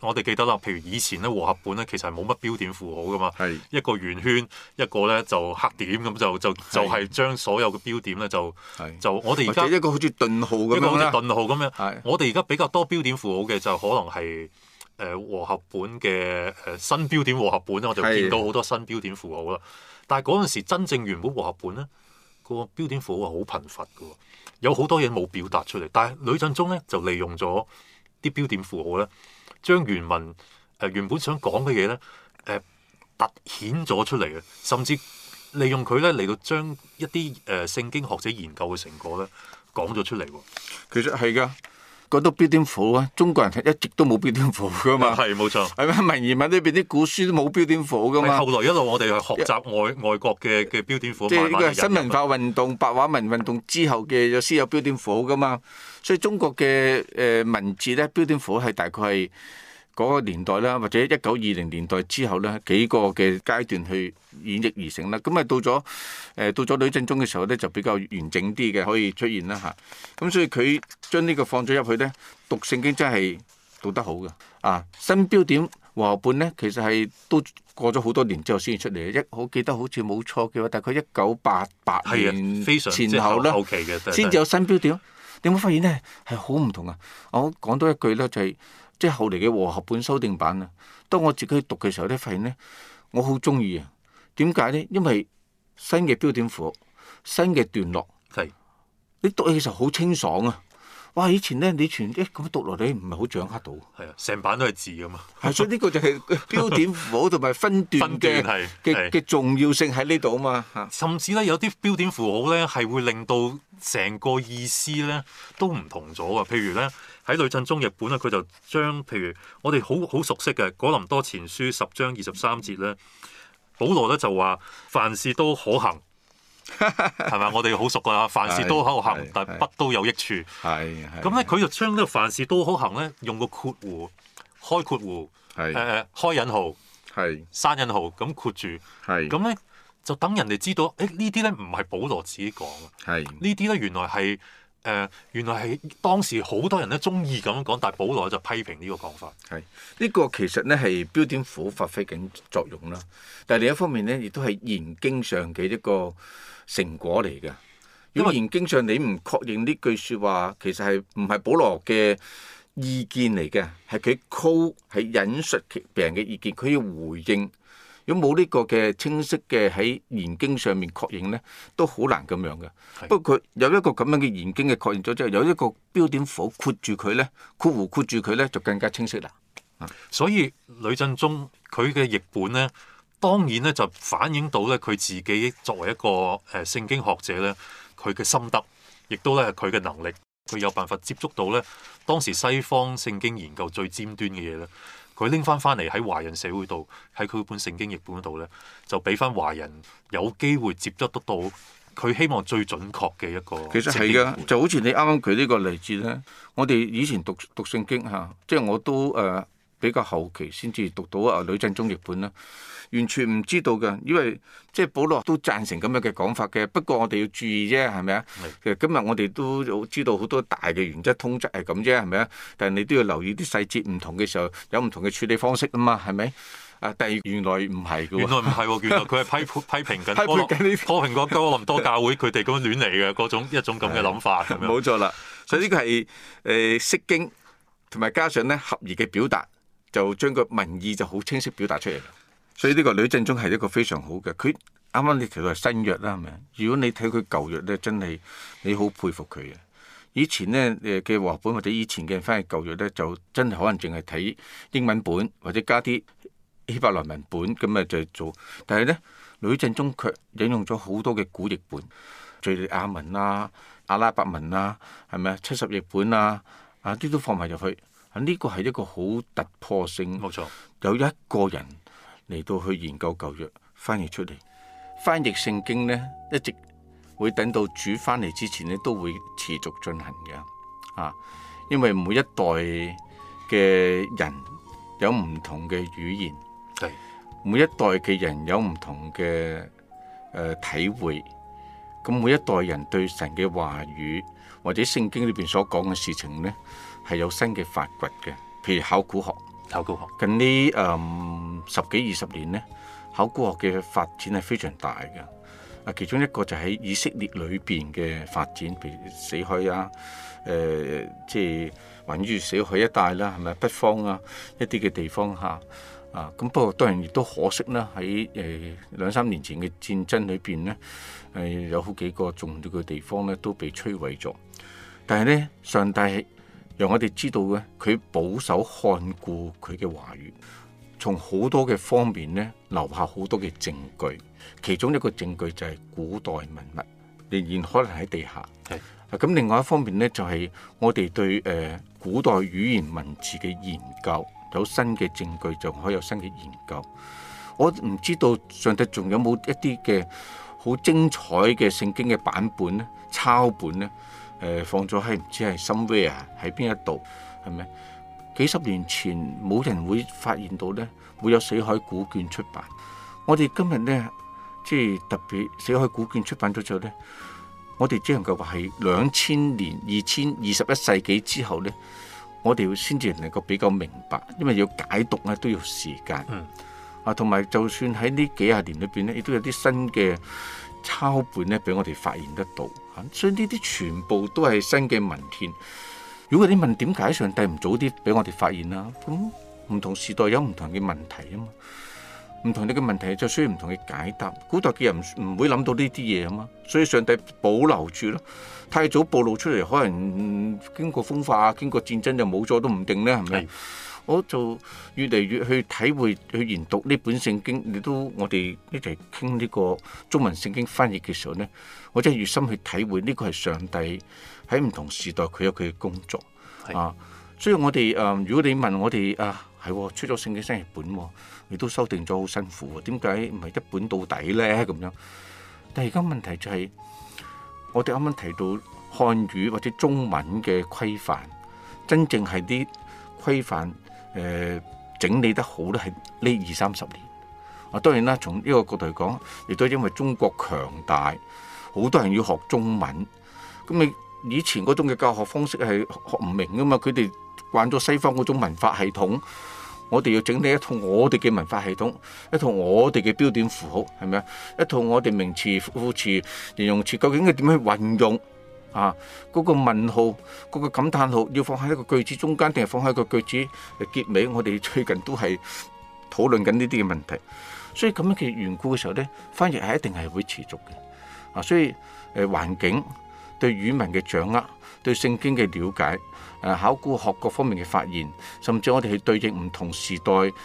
我哋記得啦，譬如以前咧和合本咧，其實係冇乜標點符號噶嘛，是一個圓圈，一個咧就黑點，咁就就是就係將所有嘅標點咧就是就我哋而家一個好似頓號咁一個好似頓號咁樣。我哋而家比較多標點符號嘅就可能係誒、呃、和合本嘅誒、呃、新標點和合本我就見到好多新標點符號啦。是但係嗰陣時真正原本和合本咧，個標點符號係好頻繁嘅，有好多嘢冇表達出嚟。但係呂振中咧就利用咗啲標點符號咧。將原文誒、呃、原本想講嘅嘢咧，誒、呃、突顯咗出嚟嘅，甚至利用佢咧嚟到將一啲誒、呃、聖經學者研究嘅成果咧講咗出嚟喎。其實係㗎。覺得標點符號啊，中國人一直都冇標點符號噶嘛，係冇錯，係咩？ [LAUGHS] 文言文呢邊啲古書都冇標點符號噶嘛，後來一路我哋去學習外、嗯、外國嘅嘅標點符號，即係、嗯、新文化運動、白話文運動之後嘅有先有標點符號噶嘛，所以中國嘅誒文字咧標點符號係大概係。嗰個年代啦，或者一九二零年代之後咧，幾個嘅階段去演繹而成啦。咁啊，到咗誒到咗呂、呃、振中嘅時候咧，就比較完整啲嘅，可以出現啦吓，咁、啊、所以佢將呢個放咗入去咧，讀聖經真係讀得好嘅。啊，新標點和合本咧，其實係都過咗好多年之後先出嚟，一好記得好似冇錯嘅話。大概一九八八年前後啦，先至、啊、有新標點。你有冇發現咧？係好唔同啊！我講多一句咧、就係，就係。即係後嚟嘅《和合本》修訂版啊！當我自己讀嘅時候，咧發現咧，我好中意啊！點解咧？因為新嘅標點符、新嘅段落，係是你讀起嘅時候好清爽啊！哇！以前咧，你全誒咁讀落嚟，唔係好掌握到。係啊，成版都係字㗎嘛。係， [LAUGHS] 所以呢個就係標點符號同埋分段嘅嘅 [LAUGHS] 重要性喺呢度啊嘛。甚至咧，有啲標點符號咧，係會令到成個意思咧都唔同咗啊。譬如咧，喺《呂振中》譯本咧，佢就將譬如我哋好好熟悉嘅《哥林多前書》十章二十三節咧，保羅咧就話凡事都可行。係咪？ [LAUGHS] 我哋好熟噶，凡事都可行，是是是但不都有益處。係咁咧，佢就將呢個凡事都可行咧，用個括弧，開括弧，誒是是、呃，開引號，係是是 閂引號，咁括住。係咁咧，就等人哋知道誒，呢啲咧唔係保羅自己講。係呢啲咧，原來係誒，原來係當時好多人咧中意咁樣講，但保羅就批評呢個講法。係呢、這個其實咧係標點符發揮緊作用啦。但另一方面咧，亦都係研經上嘅一個。成果嚟嘅，如果研經上你唔確認呢句説話，因為 其實係唔係保羅嘅意見嚟嘅，係佢 call 係引述其病人嘅意見，佢要回應。如果冇呢個嘅清晰嘅喺研經上面確認咧，都好難咁樣嘅。是的 不過佢有一個咁樣嘅研經嘅確認咗之後，有一個標點符括住佢咧，括弧括住佢咧，就更加清晰啦。所以呂振中佢嘅譯本咧。當然咧，就反映到咧佢自己作為一個誒聖經學者咧，佢嘅心得，亦都咧佢嘅能力，佢有辦法接觸到咧當時西方聖經研究最尖端嘅嘢咧，佢拎翻翻嚟喺華人社會度，喺佢本聖經譯本度咧，就俾翻華人有機會接觸得到，佢希望最準確嘅一個。其實係噶，就好似你啱啱舉呢個例子咧，我哋以前讀讀聖經嚇，即係我都誒。呃比較後期先至讀到啊，呂振中譯本啦，完全唔知道嘅，因為即係保羅都贊成咁樣嘅講法嘅。不過我哋要注意啫，係咪啊？其實是 今日我哋都知道好多大嘅原則通則係咁啫，係咪啊？但係你都要留意啲細節唔同嘅時候，有唔同嘅處理方式啊嘛，係咪？啊，但係原來唔係喎，原來唔係喎，原來佢係批批評緊， [LAUGHS] 批評緊呢批評嗰哥林多教會佢哋咁樣亂嚟嘅嗰種一種咁嘅諗法。咪、 [LAUGHS] 嗯？冇錯啦，所以呢個係誒識經同埋加上咧合宜嘅表達。就將個民意就好清晰表達出嚟，所以呢個呂振中係一個非常好嘅。佢啱啱你提到係新約啦，係咪？如果你睇佢舊約咧，真係你好佩服佢嘅。以前咧嘅譯本或者以前嘅翻譯舊約咧，就真係可能淨係睇英文本或者加啲希伯來文本咁啊，就做但呢。但係咧，呂振中卻引用咗好多嘅古譯本，敍利亞文啊、阿拉伯文啊，係咪啊？七十譯本啊，啊啲都放埋入去。呢、啊這個係一個好突破性，冇錯錯。有一個人嚟到去研究舊約，翻譯出嚟。翻譯聖經呢，一直會等到主翻嚟之前咧，都會持續進行嘅。啊，因為每一代嘅人有唔同嘅語言，係是每一代嘅人有唔同嘅誒、呃、體會。咁每一代人對神嘅話語或者聖經裏邊所講嘅事情呢，係有新嘅發掘嘅，譬如考古學，考古學近呢、嗯、十幾二十年呢，考古學嘅發展係非常大嘅。啊，其中一個就喺以色列裏邊嘅發展，譬如死海啊，誒、呃、即係位於死海一帶啦，係咪北方啊一啲嘅地方嚇啊。咁不過當然亦都可惜啦，喺誒、呃、兩三年前嘅戰爭裏邊呢，係、呃、有好幾個重要嘅地方咧都被摧毀咗。但係呢，上帝。讓我哋知道咧，佢保守看顧佢嘅話語，從好多嘅方面咧，留下好多嘅證據。其中一個證據就係古代文物，仍然可能喺地下。係咁是、啊、另外一方面咧，就係、是、我哋對誒、呃、古代語言文字嘅研究，有新嘅證據，就可以有新嘅研究。我唔知道上帝仲有冇一啲嘅好精彩嘅聖經嘅版本咧，抄本咧。誒放咗喺唔知係 somewhere 喺邊一度係咪？幾十年前冇人會發現到咧，會有死海古卷出版。我哋今日咧，即係特別死海古卷出版咗之後咧，我哋只能夠話係兩千年、二千二十一世紀之後咧，我哋先至能夠比較明白，因為要解讀咧、啊、都要時間。嗯、啊，同埋就算喺呢幾十年裏邊咧，亦都有啲新嘅抄本咧俾我哋發現得到。所以呢啲全部都係新嘅文獻。如果你問點解上帝唔早啲俾我哋發現啦？咁唔同時代有唔同嘅問題啊嘛，唔同你嘅問題就需要唔同嘅解答。古代嘅人唔唔會諗到呢啲嘢啊嘛，所以上帝保留住咯。太早暴露出嚟，可能經過風化啊，經過戰爭就冇咗都唔定咧，係咪？我就越嚟越去體會去研讀呢本聖經，你都我哋一齊傾呢個中文聖經翻譯嘅時候呢，我真係越深去體會呢個係上帝喺唔同時代佢有佢嘅工作是啊。所以我哋誒、呃，如果你問我哋啊，係、哦、出咗聖經新譯本，你、啊、都修訂咗好辛苦啊，點解唔係一本到底呢？」咁樣？但係而家問題就係、是，我哋啱啱提到漢語或者中文嘅規範，真正係啲規範。誒、呃、整理得好都係呢二三十年。啊，當然啦，從呢個角度嚟講，亦都因為中國強大，好多人要學中文。咁你以前嗰種嘅教學方式係學唔明㗎嘛？佢哋慣咗西方嗰種文化系統，我哋要整理一套我哋嘅文化系統，一套我哋嘅標點符號係咪啊？一套我哋名詞、副詞、形容詞，究竟係點去運用？啊！嗰個問號，嗰個感嘆號，要放喺一個句子中間，定係放喺個句子結尾？我哋最近都係討論緊呢啲嘅問題，所以咁樣嘅緣故嘅時候呢，翻譯係一定係會持續嘅啊。所以誒，環境對語文嘅掌握，對聖經嘅瞭解，誒考古學各方面嘅發現，甚至我哋去對應唔同時代，譬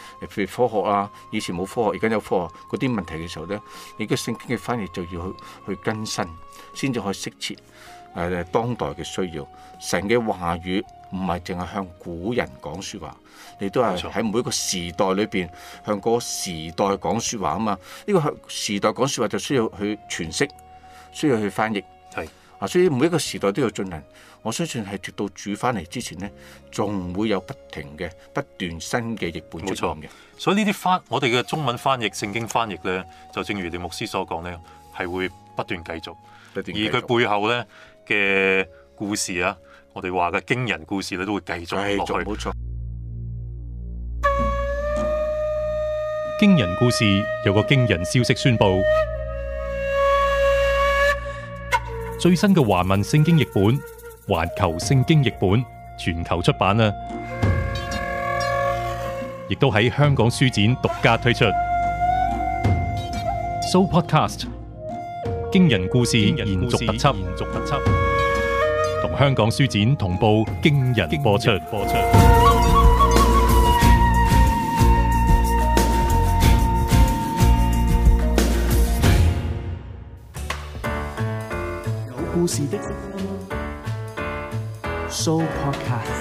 如科學啦，以前冇科學，而家有科學嗰啲問題嘅時候呢，你嘅聖經嘅翻譯就要去去更新，先至可以適切。係當代嘅需要，成嘅話語唔係淨係向古人講說話，你都係喺每一個時代裏邊向嗰時代講說話啊嘛。呢個時代講說，這個說話就需要去詮釋，需要去翻譯，係啊是。所以每一個時代都要進行。我相信係直到煮翻嚟之前呢，仲會有不停嘅、不斷新嘅譯本出現嘅。所以呢啲翻我哋嘅中文翻譯聖經翻譯呢，就正如你牧師所講呢，係會不斷繼續，不斷而佢背後呢，嘅故事啊，我哋話嘅驚人故事咧，都會繼續落去。冇、哎、錯，驚人故事有個驚人消息宣布，最新嘅華文聖經譯本，環球聖經譯本全球出版啊，亦都喺香港書展獨家推出。So podcast。驚人故事延續特輯，延續特輯同香港書展同步驚人播出。有故事的 Supercast。